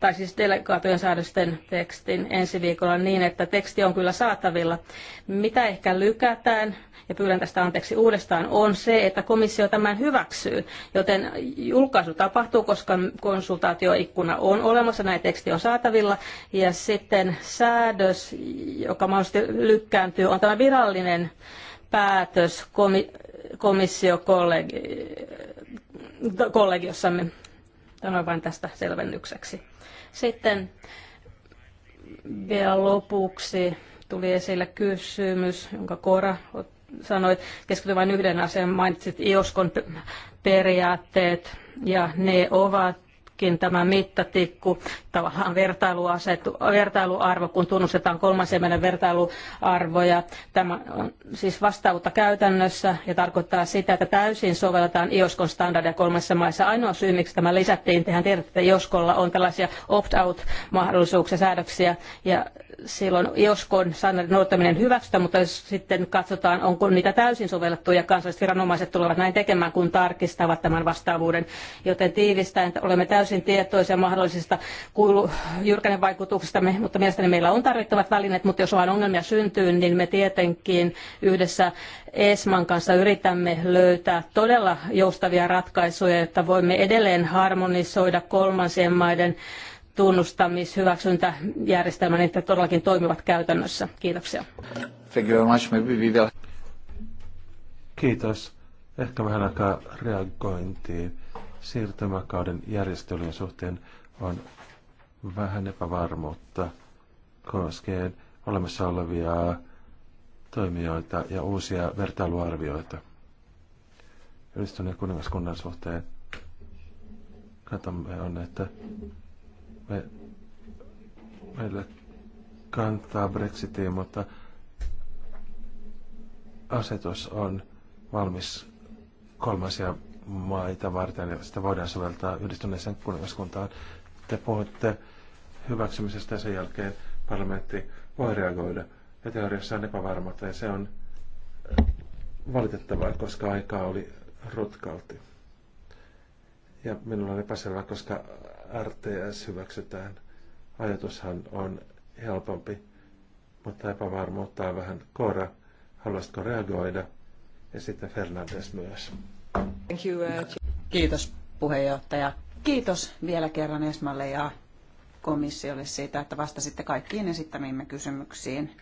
S2: tai siis delegaatojen säädösten tekstin ensi viikolla niin, että teksti on kyllä saatavilla. Mitä ehkä lykätään, ja pyydän tästä anteeksi uudestaan, on se, että komissio tämän hyväksyy. Joten julkaisu tapahtuu, koska konsultaatioikkuna on olemassa, näin teksti on saatavilla. Ja sitten säädös, joka mahdollisesti lykkääntyy, on tämä virallinen päätös komissiokollegiossamme. Kollegi- Sanoin vain tästä selvennykseksi. Sitten vielä lopuksi tuli esille kysymys, jonka Kora sanoi keskityin vain yhden asian, mainitsit IOSKon periaatteet, ja ne ovat tullakin tämä mittatikku, tavallaan vertailuasetu, vertailuarvo, kun tunnustetaan kolmansien meidän vertailuarvoja. Tämä on siis vastaavuutta käytännössä ja tarkoittaa sitä, että täysin sovelletaan IOSKon standardeja kolmessa maissa. Ainoa syy, miksi tämä lisättiin, tehän tiedätte, että IOSKolla on tällaisia opt-out-mahdollisuuksia, säädöksiä ja silloin, joskon standardin noudattaminen hyväksytään, mutta sitten katsotaan, onko niitä täysin sovellettu ja kansalliset viranomaiset tulevat näin tekemään, kun tarkistavat tämän vastaavuuden. Joten tiivistäen että olemme täysin tietoisia mahdollisista kuilu jyrkänen vaikutuksista, mutta mielestäni meillä on tarvittavat välineet, mutta jos vain ongelmia syntyy, niin me tietenkin yhdessä ESMAn kanssa yritämme löytää todella joustavia ratkaisuja, jotta voimme edelleen harmonisoida kolmansien maiden tunnustamishyväksyntäjärjestelmän, että todellakin toimivat käytännössä. Kiitoksia.
S1: Thank you very much. Maybe
S3: we will... Kiitos. Ehkä vähän aikaa reagointiin. Siirtymäkauden järjestelyjen suhteen on vähän epävarmuutta koskien olemassa olevia toimijoita ja uusia vertailuarvioita yhdistyneen kuningaskunnan suhteen. Katsomme on, että me, meillä kantaa Brexitiin, mutta asetus on valmis kolmasia maita varten ja sitä voidaan soveltaa yhdistyneeseen kuningaskuntaan. Te puhutte hyväksymisestä ja sen jälkeen parlamentti voi reagoida. Ja teoriassa on epävarmuutta ja se on valitettavaa, koska aikaa oli rutkalti. Ja minulla on epäselvää, koska RTS hyväksytään. Ajatushan on helpompi, mutta epävarmuutta on vähän. Kora, haluaisitko reagoida? Ja sitten Fernandes myös.
S4: Uh, Kiitos puheenjohtaja. Kiitos vielä kerran Esmalle ja komissiolle siitä, että vastasitte kaikkiin esittämiimme kysymyksiin.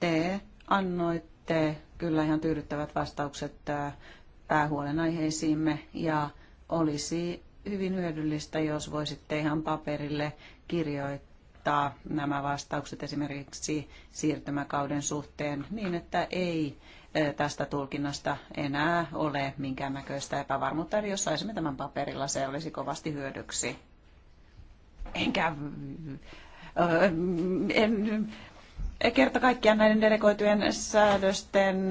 S4: Te annoitte kyllä ihan tyydyttävät vastaukset uh, päähuolenaiheisiimme ja olisi hyvin hyödyllistä, jos voisitte ihan paperille kirjoittaa nämä vastaukset esimerkiksi siirtymäkauden suhteen niin, että ei e, tästä tulkinnasta enää ole minkäännäköistä epävarmuutta. Eli jos saisimme tämän paperilla, se olisi kovasti hyödyksi. Enkä... Mm, en, kerta kaikkiaan näiden delegoitujen säädösten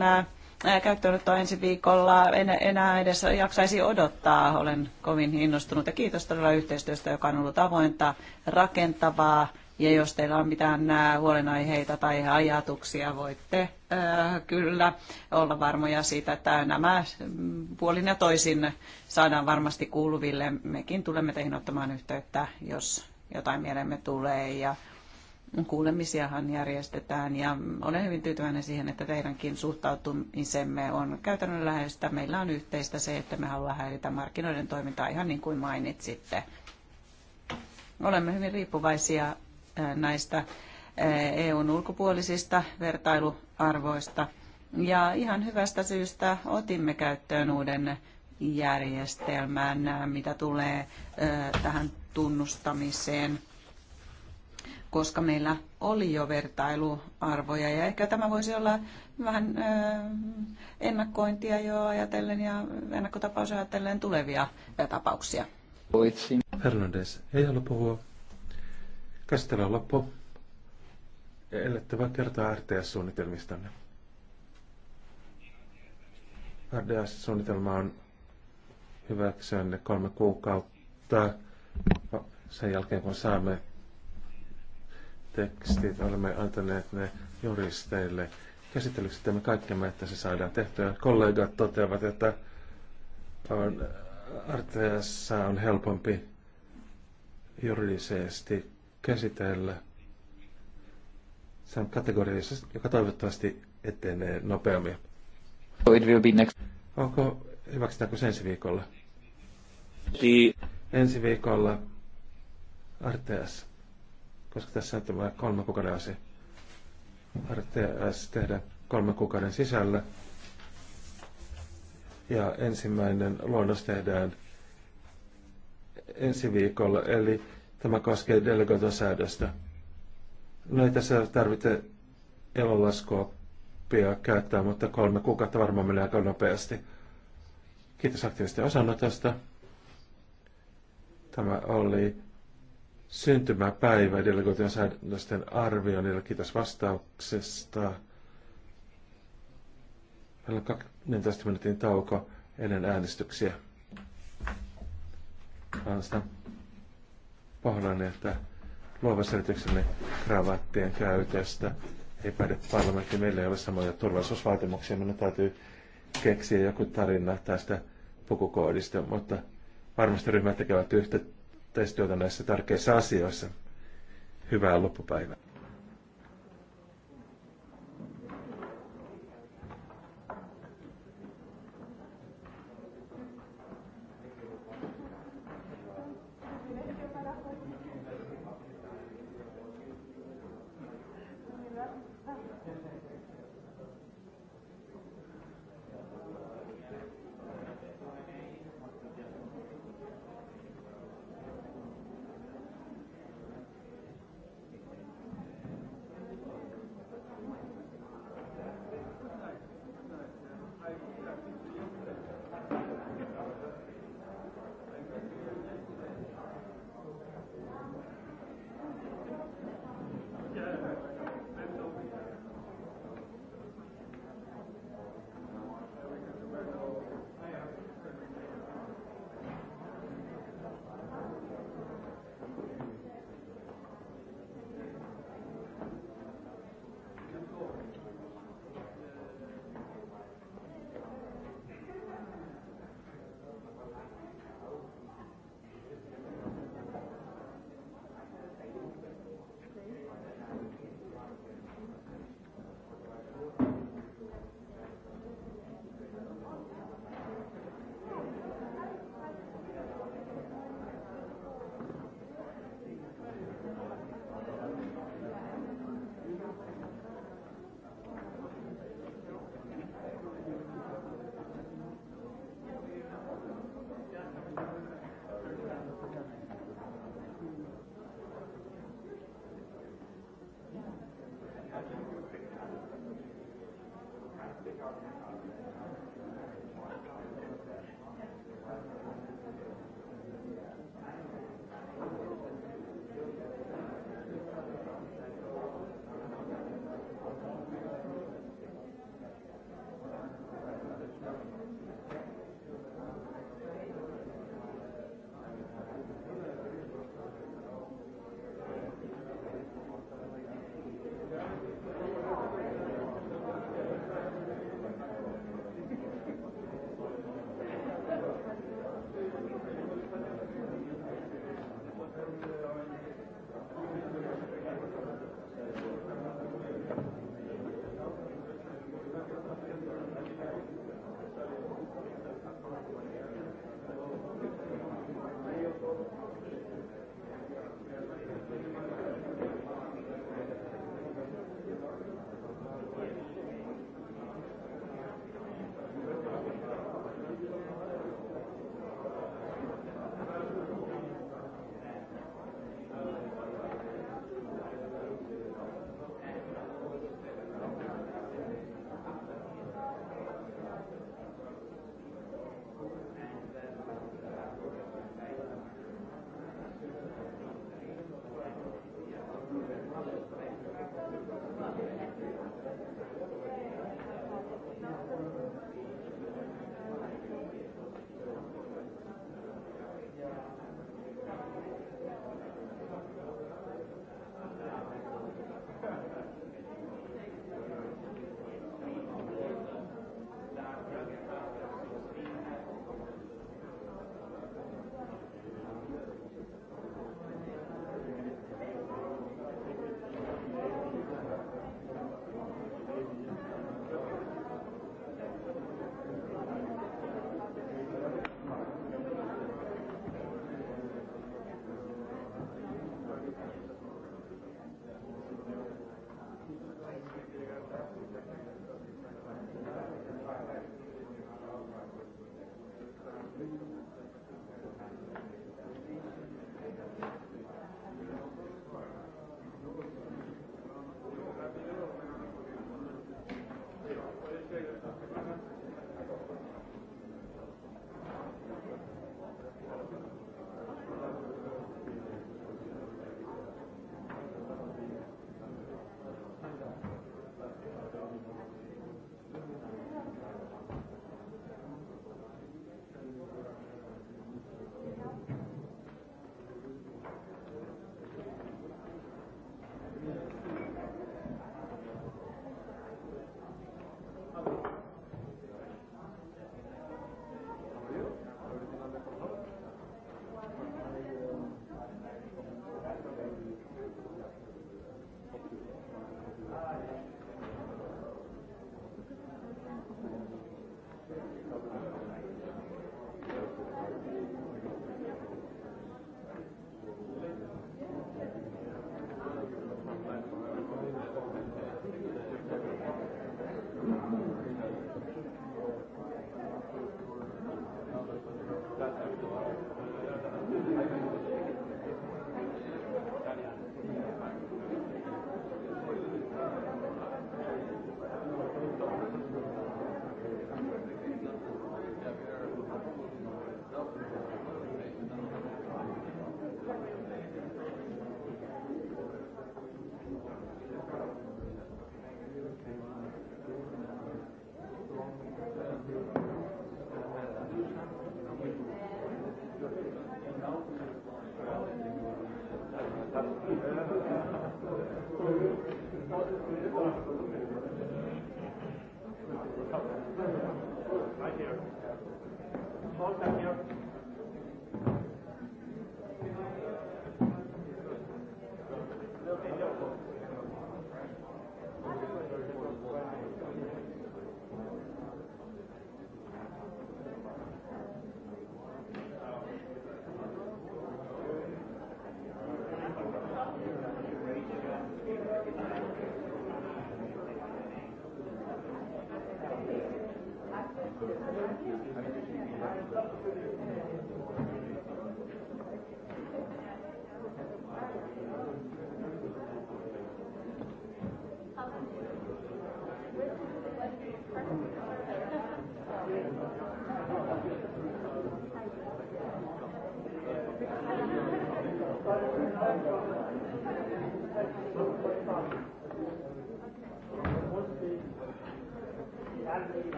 S4: käyttöönottoa ensi viikolla. En enää edes jaksaisi odottaa. Olen kovin innostunut ja kiitos todella yhteistyöstä, joka on ollut avointa, rakentavaa. Ja jos teillä on mitään huolenaiheita tai ajatuksia, voitte äh, kyllä olla varmoja siitä, että nämä mm, puolin ja toisin saadaan varmasti kuuluville. Mekin tulemme teihin ottamaan yhteyttä, jos jotain mielemme tulee. Ja kuulemisiahan järjestetään ja olen hyvin tyytyväinen siihen, että teidänkin suhtautumisemme on käytännönläheistä. Meillä on yhteistä se, että me haluamme häiritä markkinoiden toimintaa ihan niin kuin mainitsitte. Olemme hyvin riippuvaisia näistä EUn ulkopuolisista vertailuarvoista ja ihan hyvästä syystä otimme käyttöön uuden järjestelmän, mitä tulee tähän tunnustamiseen – koska meillä oli jo vertailuarvoja ja ehkä tämä voisi olla vähän ennakkointia jo ajatellen ja ennakkotapaus ajatellen tulevia tapauksia.
S3: Fernandes ei halua puhua. Käsitellään loppu. Ellette voi kertoa RTS-suunnitelmistanne. RTS-suunnitelma on hyväksyä ne kolme kuukautta sen jälkeen, kun saamme tekstit, olemme antaneet ne juristeille käsittelyksi teemme kaikkemme, että se saadaan tehtyä. Kollegat toteavat, että on, Arteassa on helpompi juridisesti käsitellä. Se on kategoriassa, joka toivottavasti etenee nopeammin.
S4: It will be next.
S3: Onko, hyväksytäänkö se ensi viikolla? The... Ensi viikolla RTS koska tässä on tämä kolme kuukauden asia. RTS tehdä kolme kuukauden sisällä. Ja ensimmäinen luonnos tehdään ensi viikolla, eli tämä koskee delegoitosäädöstä. No ei tässä tarvitse elolaskua käyttää, mutta kolme kuukautta varmaan menee aika nopeasti. Kiitos aktiivisesti osanotosta. Tämä oli syntymäpäivä delegoitujen säännösten arvioinnille. Kiitos vastauksesta. Meillä on 12 minuutin tauko ennen äänestyksiä. sitä pahoillani, että luova selityksemme kravattien käytöstä ei päde parlamentti. Meillä ei ole samoja turvallisuusvaatimuksia. Minun täytyy keksiä joku tarina tästä pukukoodista, mutta varmasti ryhmät tekevät yhtä yhteistyötä näissä tärkeissä asioissa. Hyvää loppupäivää.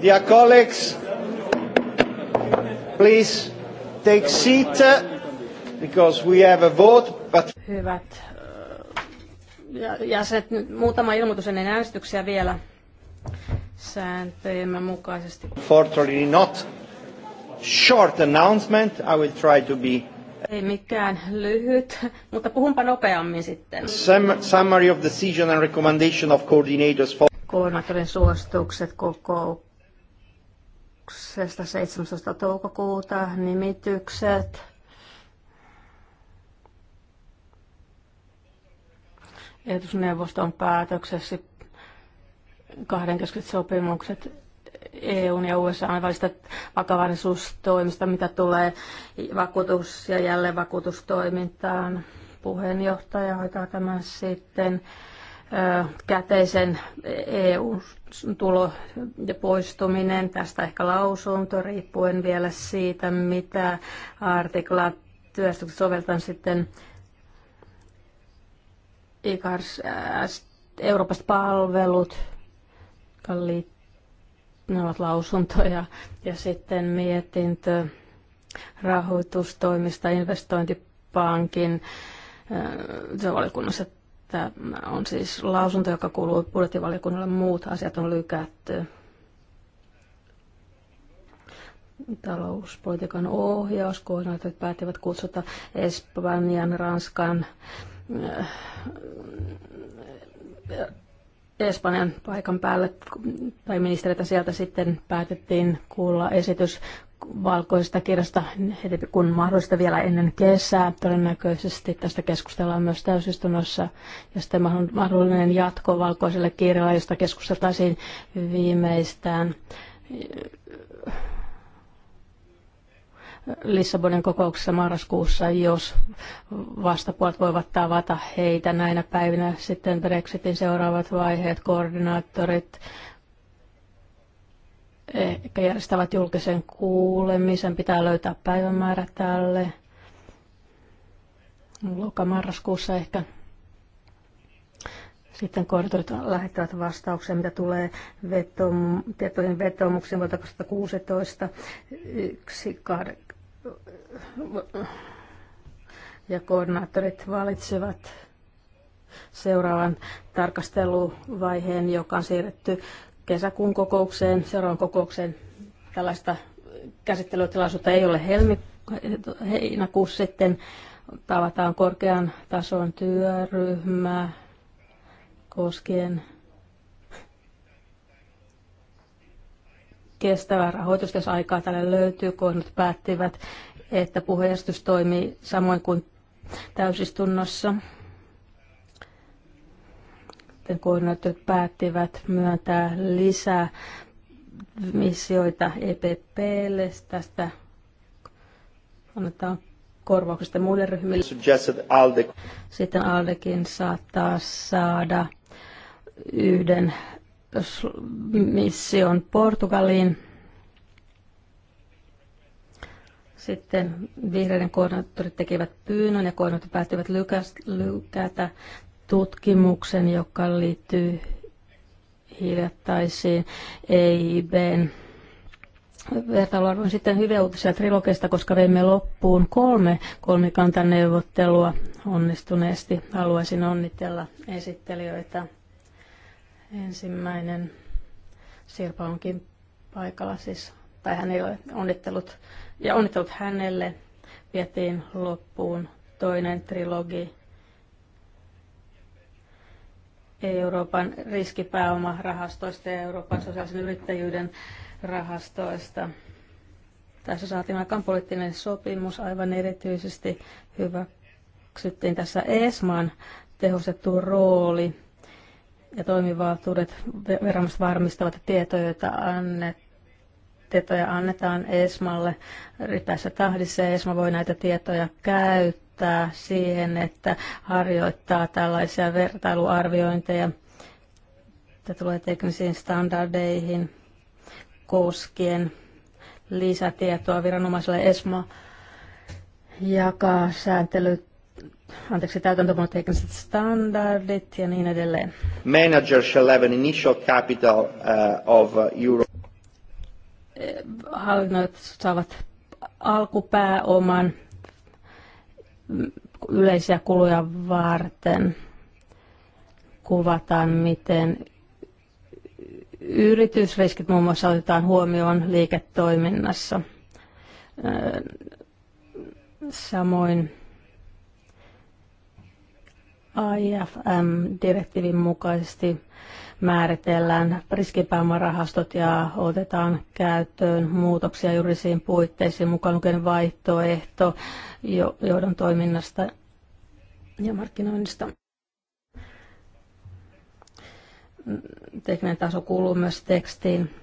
S1: Dear colleagues, please take seat uh, because we have a vote. But... Hyvät
S2: uh, jäsenet, nyt muutama ilmoitus ennen äänestyksiä vielä sääntöjemme mukaisesti.
S1: Fortunately not short announcement. I will try to be uh,
S2: ei mikään lyhyt, mutta puhunpa nopeammin sitten.
S1: Summary of decision and recommendation of coordinators for...
S2: Koordinaattorin suositukset koko kokouksesta 17. toukokuuta, nimitykset. Etusneuvoston päätöksessä kahdenkeskiset sopimukset EUn ja USA välistä vakavaraisuustoimista, mitä tulee vakuutus- ja jälleenvakuutustoimintaan. Puheenjohtaja hoitaa tämän sitten käteisen EU-tulo ja poistuminen. Tästä ehkä lausunto riippuen vielä siitä, mitä artikla työstöksi soveltan sitten ICARS Euroopasta palvelut, ne ovat lausuntoja, ja sitten mietintö rahoitustoimista investointipankin se valiokunnassa että on siis lausunto, joka kuuluu budjettivaliokunnalle. Muut asiat on lykätty. Talouspolitiikan ohjauskoordinaatit päättivät kutsuta Espanjan, Ranskan, äh, Espanjan paikan päälle tai ministeriötä sieltä sitten päätettiin kuulla esitys valkoisesta kirjasta, kun mahdollista vielä ennen kesää. Todennäköisesti tästä keskustellaan myös täysistunnossa. Ja sitten mahdollinen jatko valkoiselle kirjalle, josta keskusteltaisiin viimeistään eh, Lissabonin kokouksessa marraskuussa, jos vastapuolet voivat tavata heitä näinä päivinä. Sitten Brexitin seuraavat vaiheet, koordinaattorit ehkä järjestävät julkisen kuulemisen. Pitää löytää päivämäärä tälle. Loka-marraskuussa ehkä. Sitten koorditorit lähettävät vastauksia, mitä tulee vetom, tietoihin vetoomuksiin vuodelta 2016. Yksi, ja koordinaattorit valitsevat seuraavan tarkasteluvaiheen, joka on siirretty kesäkuun kokoukseen, seuraavan kokoukseen. Tällaista käsittelytilaisuutta ei ole helmi, heinäkuussa sitten tavataan korkean tason työryhmä koskien kestävää rahoitusta, jos aikaa tälle löytyy, kun nyt päättivät, että puheenjohtajus toimii samoin kuin täysistunnossa sitten kun päättivät myöntää lisää missioita EPPlle. Tästä annetaan korvauksesta muille ryhmille. Sitten Aldekin saattaa saada yhden mission Portugaliin. Sitten vihreiden koordinaattorit tekivät pyynnön ja koordinaattorit päättivät lykätä tutkimuksen, joka liittyy hiljattaisiin EIBn vertailuarvoin sitten hyviä uutisia trilogista, koska veimme loppuun kolme kolmikantaneuvottelua onnistuneesti. Haluaisin onnitella esittelijöitä. Ensimmäinen Sirpa onkin paikalla siis, tai hän ei ole onnittelut, ja onnittelut hänelle vietiin loppuun toinen trilogi Euroopan riskipääomarahastoista ja Euroopan sosiaalisen yrittäjyyden rahastoista. Tässä saatiin aikaan poliittinen sopimus aivan erityisesti hyväksyttiin tässä ESMAan tehostettu rooli ja toimivaltuudet verran varmistavat, tietoja, joita annet, tietoja annetaan ESMalle ripeässä tahdissa ja ESMA voi näitä tietoja käyttää tähtää siihen, että harjoittaa tällaisia vertailuarviointeja, että tulee teknisiin standardeihin koskien lisätietoa viranomaiselle ESMA jakaa sääntelyt anteeksi, täytäntöpanotekniset standardit ja niin edelleen.
S1: Manager shall have an initial capital uh, of uh, euro.
S2: Eh, Hallinnoit saavat alkupääoman yleisiä kuluja varten kuvataan, miten yritysriskit muun muassa otetaan huomioon liiketoiminnassa. Samoin IFM-direktiivin mukaisesti määritellään riskipääomarahastot ja otetaan käyttöön muutoksia juridisiin puitteisiin, mukaan lukien vaihtoehto johdon toiminnasta ja markkinoinnista. Tekninen taso kuuluu myös tekstiin.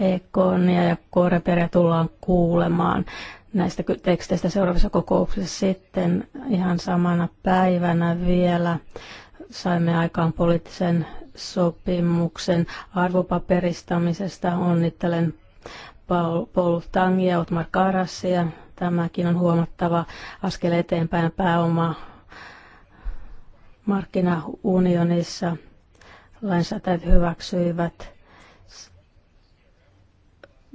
S2: Ekonia ja Koreperia tullaan kuulemaan näistä teksteistä seuraavissa kokouksissa sitten ihan samana päivänä vielä saimme aikaan poliittisen sopimuksen arvopaperistamisesta. Onnittelen Paul, Paul Tangia, Otmar Karassia. Tämäkin on huomattava askel eteenpäin pääoma markkinaunionissa. Lainsäätäjät hyväksyivät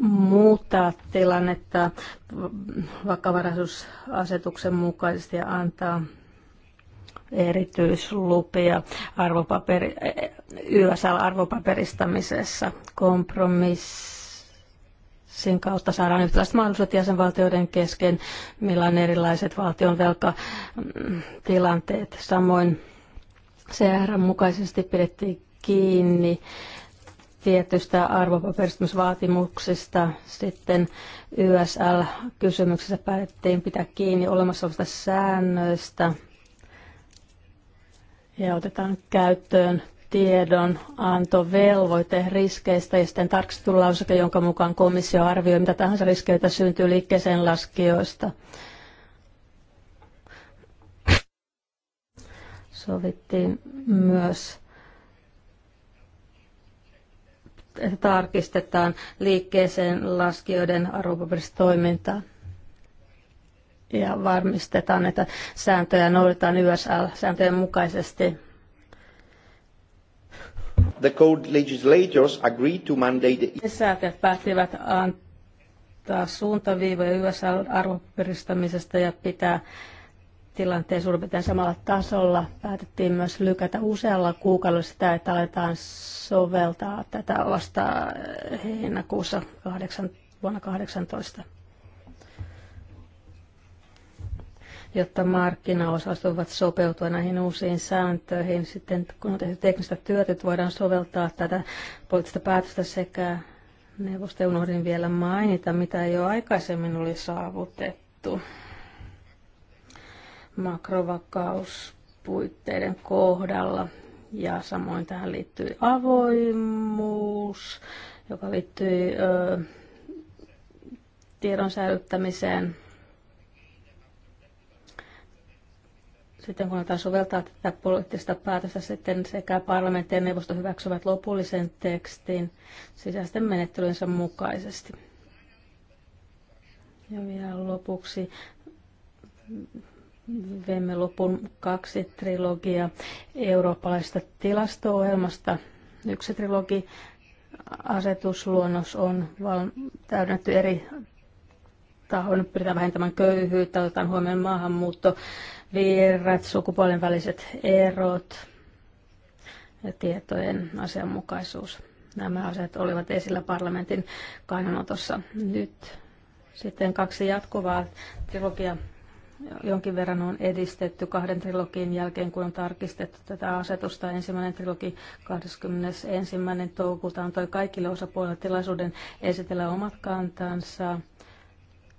S2: muuttaa tilannetta vakavaraisuusasetuksen mukaisesti ja antaa erityislupia arvopaperi, eh, YSL-arvopaperistamisessa. Kompromissin kautta saadaan yhtäläiset mahdollisuudet jäsenvaltioiden kesken, millä on erilaiset valtion velkatilanteet. Mm, Samoin CR mukaisesti pidettiin kiinni tietystä arvopaperistamisvaatimuksista. Sitten YSL-kysymyksessä päätettiin pitää kiinni olemassa olevista säännöistä ja otetaan käyttöön tiedon antovelvoite riskeistä ja sitten tarkistetulauseke, jonka mukaan komissio arvioi mitä tahansa riskeitä syntyy liikkeeseen laskijoista. Sovittiin myös että tarkistetaan liikkeeseen laskijoiden arvopaperistoimintaa ja varmistetaan, että sääntöjä noudatetaan YSL-sääntöjen mukaisesti.
S1: The code legislators agreed to mandate...
S2: Säätiöt päättivät antaa suuntaviivoja YSL-arvopiristamisestä ja pitää tilanteen suurin piirtein samalla tasolla. Päätettiin myös lykätä usealla kuukaudella sitä, että aletaan soveltaa tätä vasta heinäkuussa 8, vuonna 2018. jotta markkinaosat voivat sopeutua näihin uusiin sääntöihin. Sitten kun on tehty teknistä työtä, että voidaan soveltaa tätä poliittista päätöstä sekä neuvosto, unohdin vielä mainita, mitä jo aikaisemmin oli saavutettu. Makrovakauspuitteiden kohdalla ja samoin tähän liittyy avoimuus, joka liittyy ö, tiedon säilyttämiseen Sitten kun aletaan soveltaa tätä poliittista päätöstä, sitten sekä parlamentti ja neuvosto hyväksyvät lopullisen tekstin sisäisten menettelynsä mukaisesti. Ja vielä lopuksi veimme lopun kaksi trilogia eurooppalaisesta tilasto-ohjelmasta. Yksi trilogi asetusluonnos on täydennetty eri tahoin. Pyritään vähentämään köyhyyttä, otetaan huomioon maahanmuutto, virrat, sukupuolen väliset erot ja tietojen asianmukaisuus. Nämä asiat olivat esillä parlamentin kannanotossa. Nyt sitten kaksi jatkuvaa trilogia jonkin verran on edistetty kahden trilogin jälkeen, kun on tarkistettu tätä asetusta. Ensimmäinen trilogi 21. toukokuuta antoi kaikille osapuolille tilaisuuden esitellä omat kantansa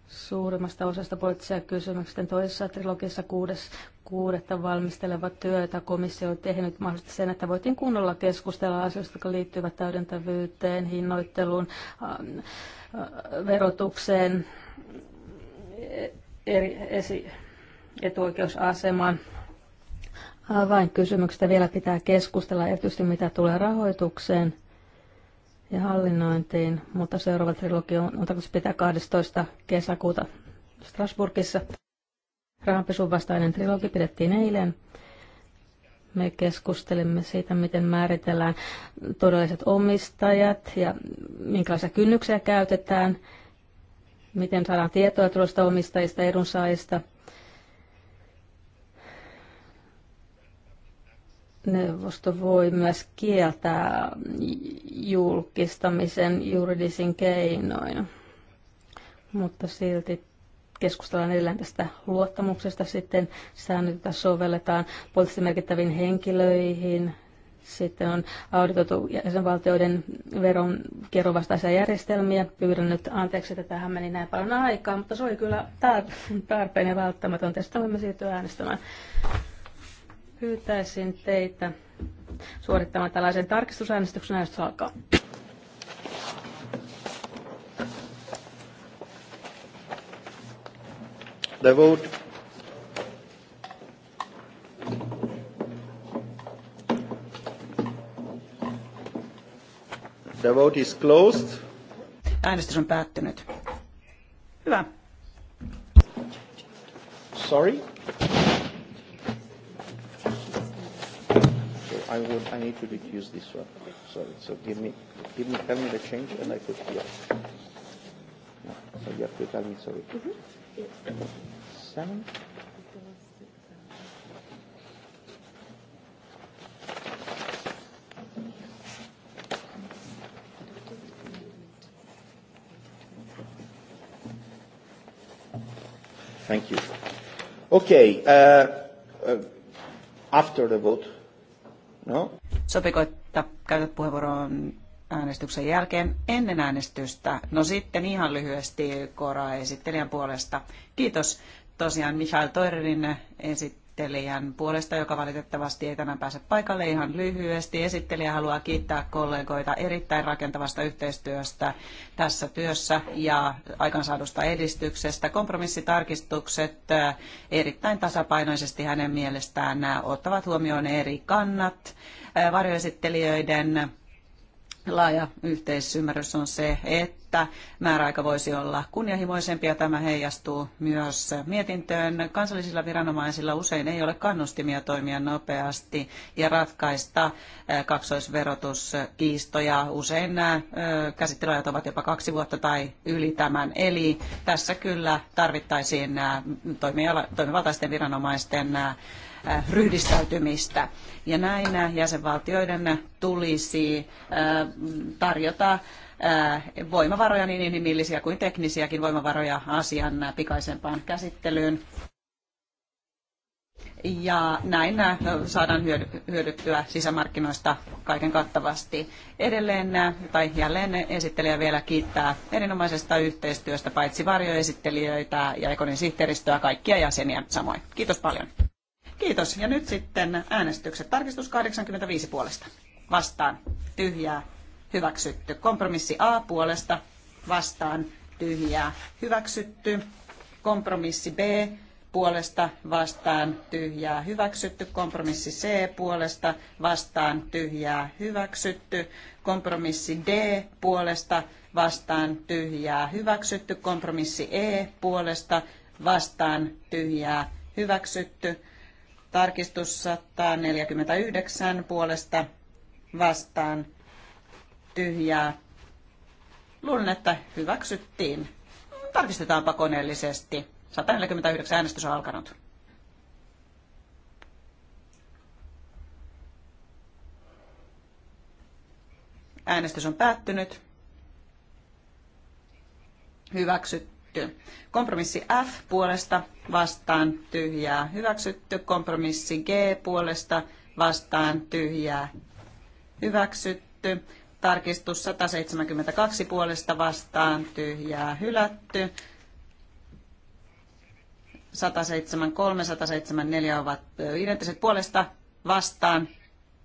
S2: suurimmasta osasta poliittisia kysymyksiä. Toisessa trilogissa kuudes, kuudetta valmisteleva työtä komissio on tehnyt mahdollisesti sen, että voitiin kunnolla keskustella asioista, jotka liittyvät täydentävyyteen, hinnoitteluun, verotukseen, eri esi- etuoikeusasemaan. Vain kysymyksistä vielä pitää keskustella, erityisesti mitä tulee rahoitukseen ja hallinnointiin, mutta seuraava trilogi on, on tarkoitus pitää 12. kesäkuuta Strasbourgissa. Rahanpesun vastainen trilogi pidettiin eilen. Me keskustelimme siitä, miten määritellään todelliset omistajat ja minkälaisia kynnyksiä käytetään, miten saadaan tietoa tuosta omistajista, edunsaajista – neuvosto voi myös kieltää julkistamisen juridisin keinoin. Mutta silti keskustellaan edelleen tästä luottamuksesta sitten säännöt, joita sovelletaan poliittisesti merkittäviin henkilöihin. Sitten on auditoitu jäsenvaltioiden veron vastaisia järjestelmiä. Pyydän nyt anteeksi, että tähän meni näin paljon aikaa, mutta se oli kyllä tarpeen ja välttämätön. Tästä voimme siirtyä äänestämään. Pyytäisin teitä suorittamaan tällaisen tarkistusäänestyksen, jos alkaa.
S1: The vote. The vote is closed.
S4: Äänestys on päättynyt. Hyvä. Sorry.
S1: I would I need to reduce this one. Sorry. So give me, give me, tell me the change, and I put here. No, so you have to tell me. Sorry. Mm-hmm. Yes. Seven. Thank you. Okay. Uh, uh, after the vote,
S4: Sopiko, että käytät puheenvuoron äänestyksen jälkeen ennen äänestystä? No sitten ihan lyhyesti Kora esittelijän puolesta. Kiitos tosiaan Michael Toirin esittelijä esittelijän puolesta, joka valitettavasti ei tänään pääse paikalle ihan lyhyesti. Esittelijä haluaa kiittää kollegoita erittäin rakentavasta yhteistyöstä tässä työssä ja aikansaadusta edistyksestä. Kompromissitarkistukset eh, erittäin tasapainoisesti hänen mielestään eh, ottavat huomioon eri kannat eh, varjoesittelijöiden laaja yhteisymmärrys on se, että määräaika voisi olla kunnianhimoisempi ja tämä heijastuu myös mietintöön. Kansallisilla viranomaisilla usein ei ole kannustimia toimia nopeasti ja ratkaista eh, kaksoisverotuskiistoja. Usein nämä eh, käsittelyajat ovat jopa kaksi vuotta tai yli tämän. Eli tässä kyllä tarvittaisiin eh, toimivaltaisten viranomaisten Äh, ryhdistäytymistä. Ja näin jäsenvaltioiden tulisi äh, tarjota äh, voimavaroja, niin inhimillisiä kuin teknisiäkin voimavaroja asian pikaisempaan käsittelyyn. Ja näin saadaan hyödyttyä sisämarkkinoista kaiken kattavasti. Edelleen tai jälleen esittelijä vielä kiittää erinomaisesta yhteistyöstä paitsi varjoesittelijöitä ja Ekonin sihteeristöä, kaikkia jäseniä samoin. Kiitos paljon. Kiitos. Ja nyt sitten äänestykset. Tarkistus 85 puolesta. Vastaan. Tyhjää. Hyväksytty. Kompromissi A puolesta. Vastaan. Tyhjää. Hyväksytty. Kompromissi B puolesta vastaan tyhjää hyväksytty, kompromissi C puolesta vastaan tyhjää hyväksytty, kompromissi D puolesta vastaan tyhjää hyväksytty, kompromissi E puolesta vastaan tyhjää hyväksytty, Tarkistus 149 puolesta vastaan tyhjää. Luulen, että hyväksyttiin. Tarkistetaanpa koneellisesti. 149 äänestys on alkanut. Äänestys on päättynyt. Hyväksytty hyväksytty. Kompromissi F puolesta vastaan tyhjää hyväksytty. Kompromissi G puolesta vastaan tyhjää hyväksytty. Tarkistus 172 puolesta vastaan tyhjää hylätty. 173, 174 ovat identtiset puolesta vastaan.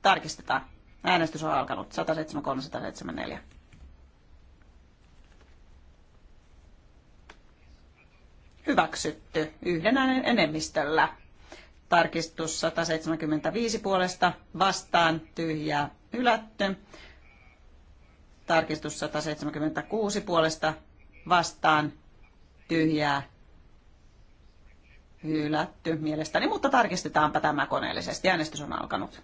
S4: Tarkistetaan. Äänestys on alkanut. 173, 174. hyväksytty yhden äänen enemmistöllä. Tarkistus 175 puolesta vastaan tyhjää hylätty. Tarkistus 176 puolesta vastaan tyhjää hylätty mielestäni, mutta tarkistetaanpa tämä koneellisesti. Äänestys on alkanut.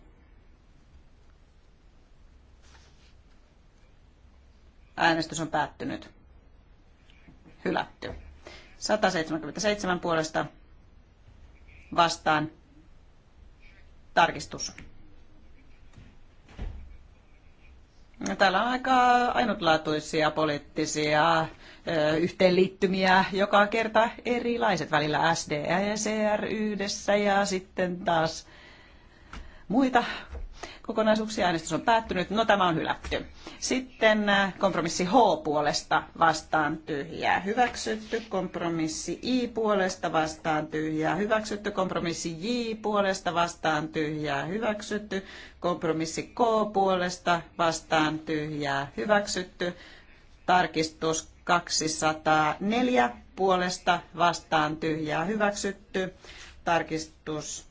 S4: Äänestys on päättynyt. Hylätty. 177 puolesta vastaan tarkistus. No, täällä on aika ainutlaatuisia poliittisia yhteenliittymiä, joka kerta erilaiset välillä SD ja e, CR yhdessä ja sitten taas muita kokonaisuuksia. Äänestys on päättynyt. No tämä on hylätty. Sitten äh, kompromissi H puolesta vastaan tyhjää hyväksytty. Kompromissi I puolesta vastaan tyhjää hyväksytty. Kompromissi J puolesta vastaan tyhjää hyväksytty. Kompromissi K puolesta vastaan tyhjää hyväksytty. Tarkistus 204 puolesta vastaan tyhjää hyväksytty. Tarkistus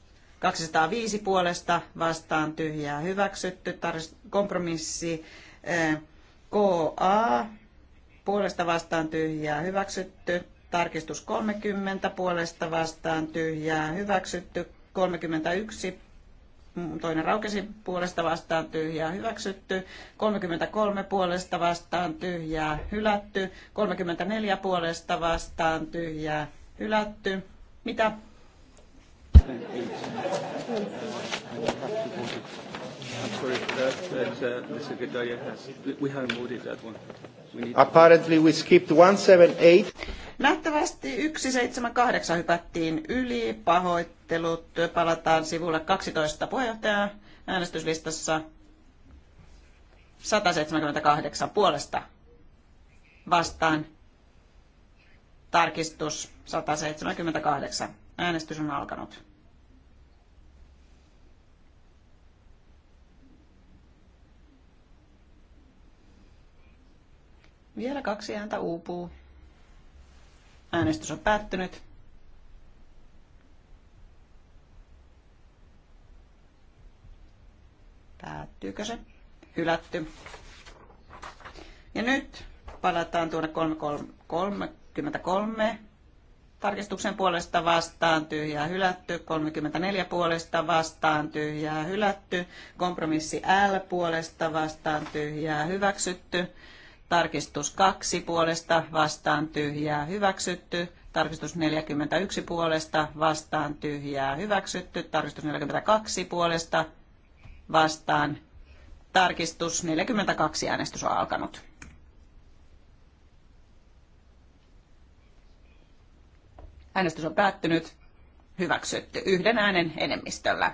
S4: 205 puolesta vastaan tyhjää hyväksytty. Kompromissi eh, KA puolesta vastaan tyhjää hyväksytty. Tarkistus 30 puolesta vastaan tyhjää hyväksytty. 31 mm, toinen raukesi puolesta vastaan tyhjää hyväksytty, 33 puolesta vastaan tyhjää hylätty, 34 puolesta vastaan tyhjää hylätty. Mitä?
S1: Apparently we skipped 178.
S4: Nähtävästi 178 hypättiin yli. Pahoittelut. Palataan sivulle 12 puheenjohtaja äänestyslistassa. 178 puolesta vastaan. Tarkistus 178. Äänestys on alkanut. Vielä kaksi ääntä uupuu. Äänestys on päättynyt. Päättyykö se? Hylätty. Ja nyt palataan tuonne 33 tarkistuksen puolesta vastaan tyhjää hylätty, 34 puolesta vastaan tyhjää hylätty, kompromissi L puolesta vastaan tyhjää hyväksytty, Tarkistus 2 puolesta vastaan tyhjää hyväksytty. Tarkistus 41 puolesta vastaan tyhjää hyväksytty. Tarkistus 42 puolesta vastaan. Tarkistus 42 äänestys on alkanut. Äänestys on päättynyt. Hyväksytty yhden äänen enemmistöllä.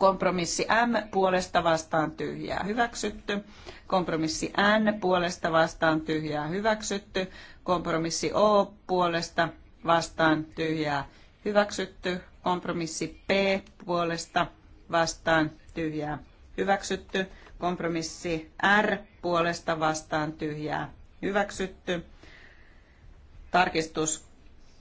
S4: Kompromissi M puolesta vastaan tyhjää hyväksytty. Kompromissi N puolesta vastaan tyhjää hyväksytty. Kompromissi O puolesta vastaan tyhjää hyväksytty. Kompromissi P puolesta vastaan tyhjää hyväksytty. Kompromissi R puolesta vastaan tyhjää hyväksytty. Tarkistus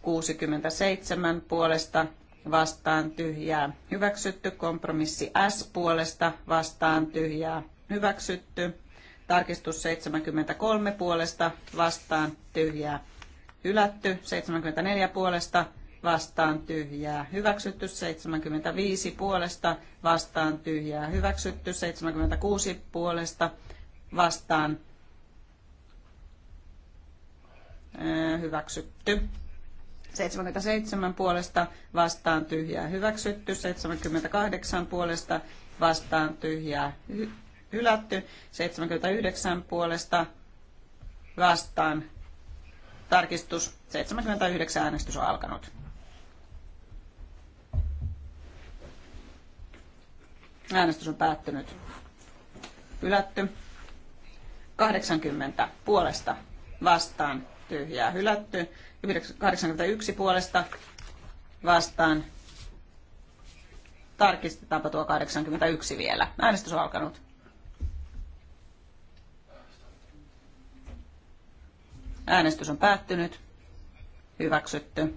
S4: 67 puolesta vastaan tyhjää hyväksytty. Kompromissi S puolesta vastaan tyhjää hyväksytty. Tarkistus 73 puolesta vastaan tyhjää hylätty. 74 puolesta vastaan tyhjää hyväksytty. 75 puolesta vastaan tyhjää hyväksytty. 76 puolesta vastaan hyväksytty. 77 puolesta vastaan tyhjää hyväksytty, 78 puolesta vastaan tyhjää hylätty, 79 puolesta vastaan tarkistus, 79 äänestys on alkanut. Äänestys on päättynyt. Hylätty. 80 puolesta vastaan ja hylätty. 81 puolesta vastaan. Tarkistetaanpa tuo 81 vielä. Äänestys on alkanut. Äänestys on päättynyt. Hyväksytty.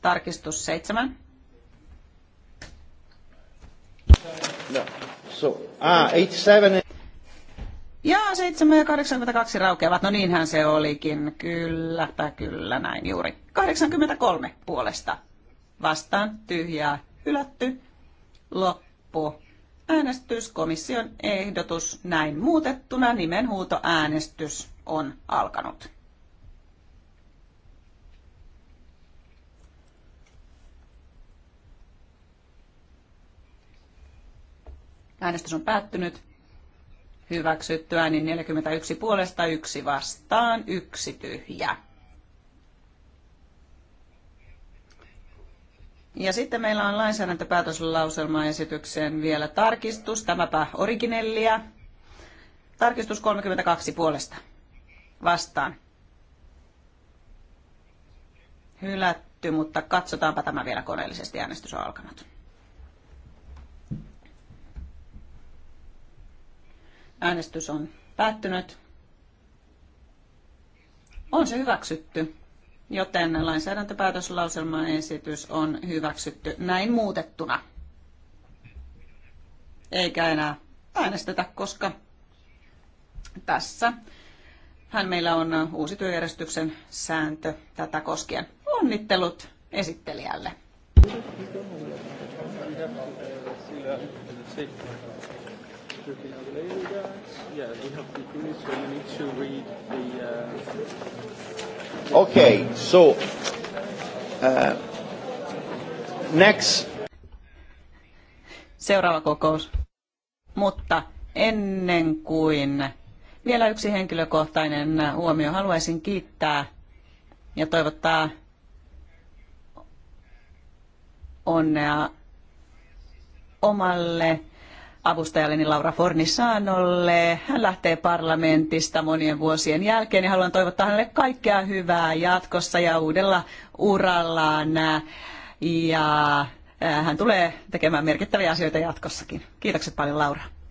S4: Tarkistus 7. No.
S1: So, ah,
S4: 87 Joo, 7 ja 82 raukeavat. No niinhän se olikin. Kylläpä kyllä näin juuri. 83 puolesta. Vastaan tyhjää hylätty. Loppu. Äänestyskomission ehdotus näin muutettuna, nimenhuutoäänestys on alkanut. Äänestys on päättynyt hyväksyttyä, niin 41 puolesta yksi vastaan, yksi tyhjä. Ja sitten meillä on lainsäädäntöpäätöslauselmaesitykseen vielä tarkistus, tämäpä originellia. Tarkistus 32 puolesta vastaan. Hylätty, mutta katsotaanpa tämä vielä koneellisesti. Äänestys on alkanut. Äänestys on päättynyt. On se hyväksytty, joten lainsäädäntöpäätöslauselman esitys on hyväksytty näin muutettuna. Eikä enää äänestetä, koska tässä hän meillä on uusi työjärjestyksen sääntö tätä koskien. Onnittelut esittelijälle. Thank you
S1: over there, guys. Yeah, we have so need to read the. Uh... Okay, so. Uh,
S4: next. Seuraava kokous. Mutta ennen kuin vielä yksi henkilökohtainen huomio. Haluaisin kiittää ja toivottaa onnea omalle avustajalleni niin Laura Fornisanolle. Hän lähtee parlamentista monien vuosien jälkeen ja haluan toivottaa hänelle kaikkea hyvää jatkossa ja uudella urallaan. Ja hän tulee tekemään merkittäviä asioita jatkossakin. Kiitokset paljon Laura.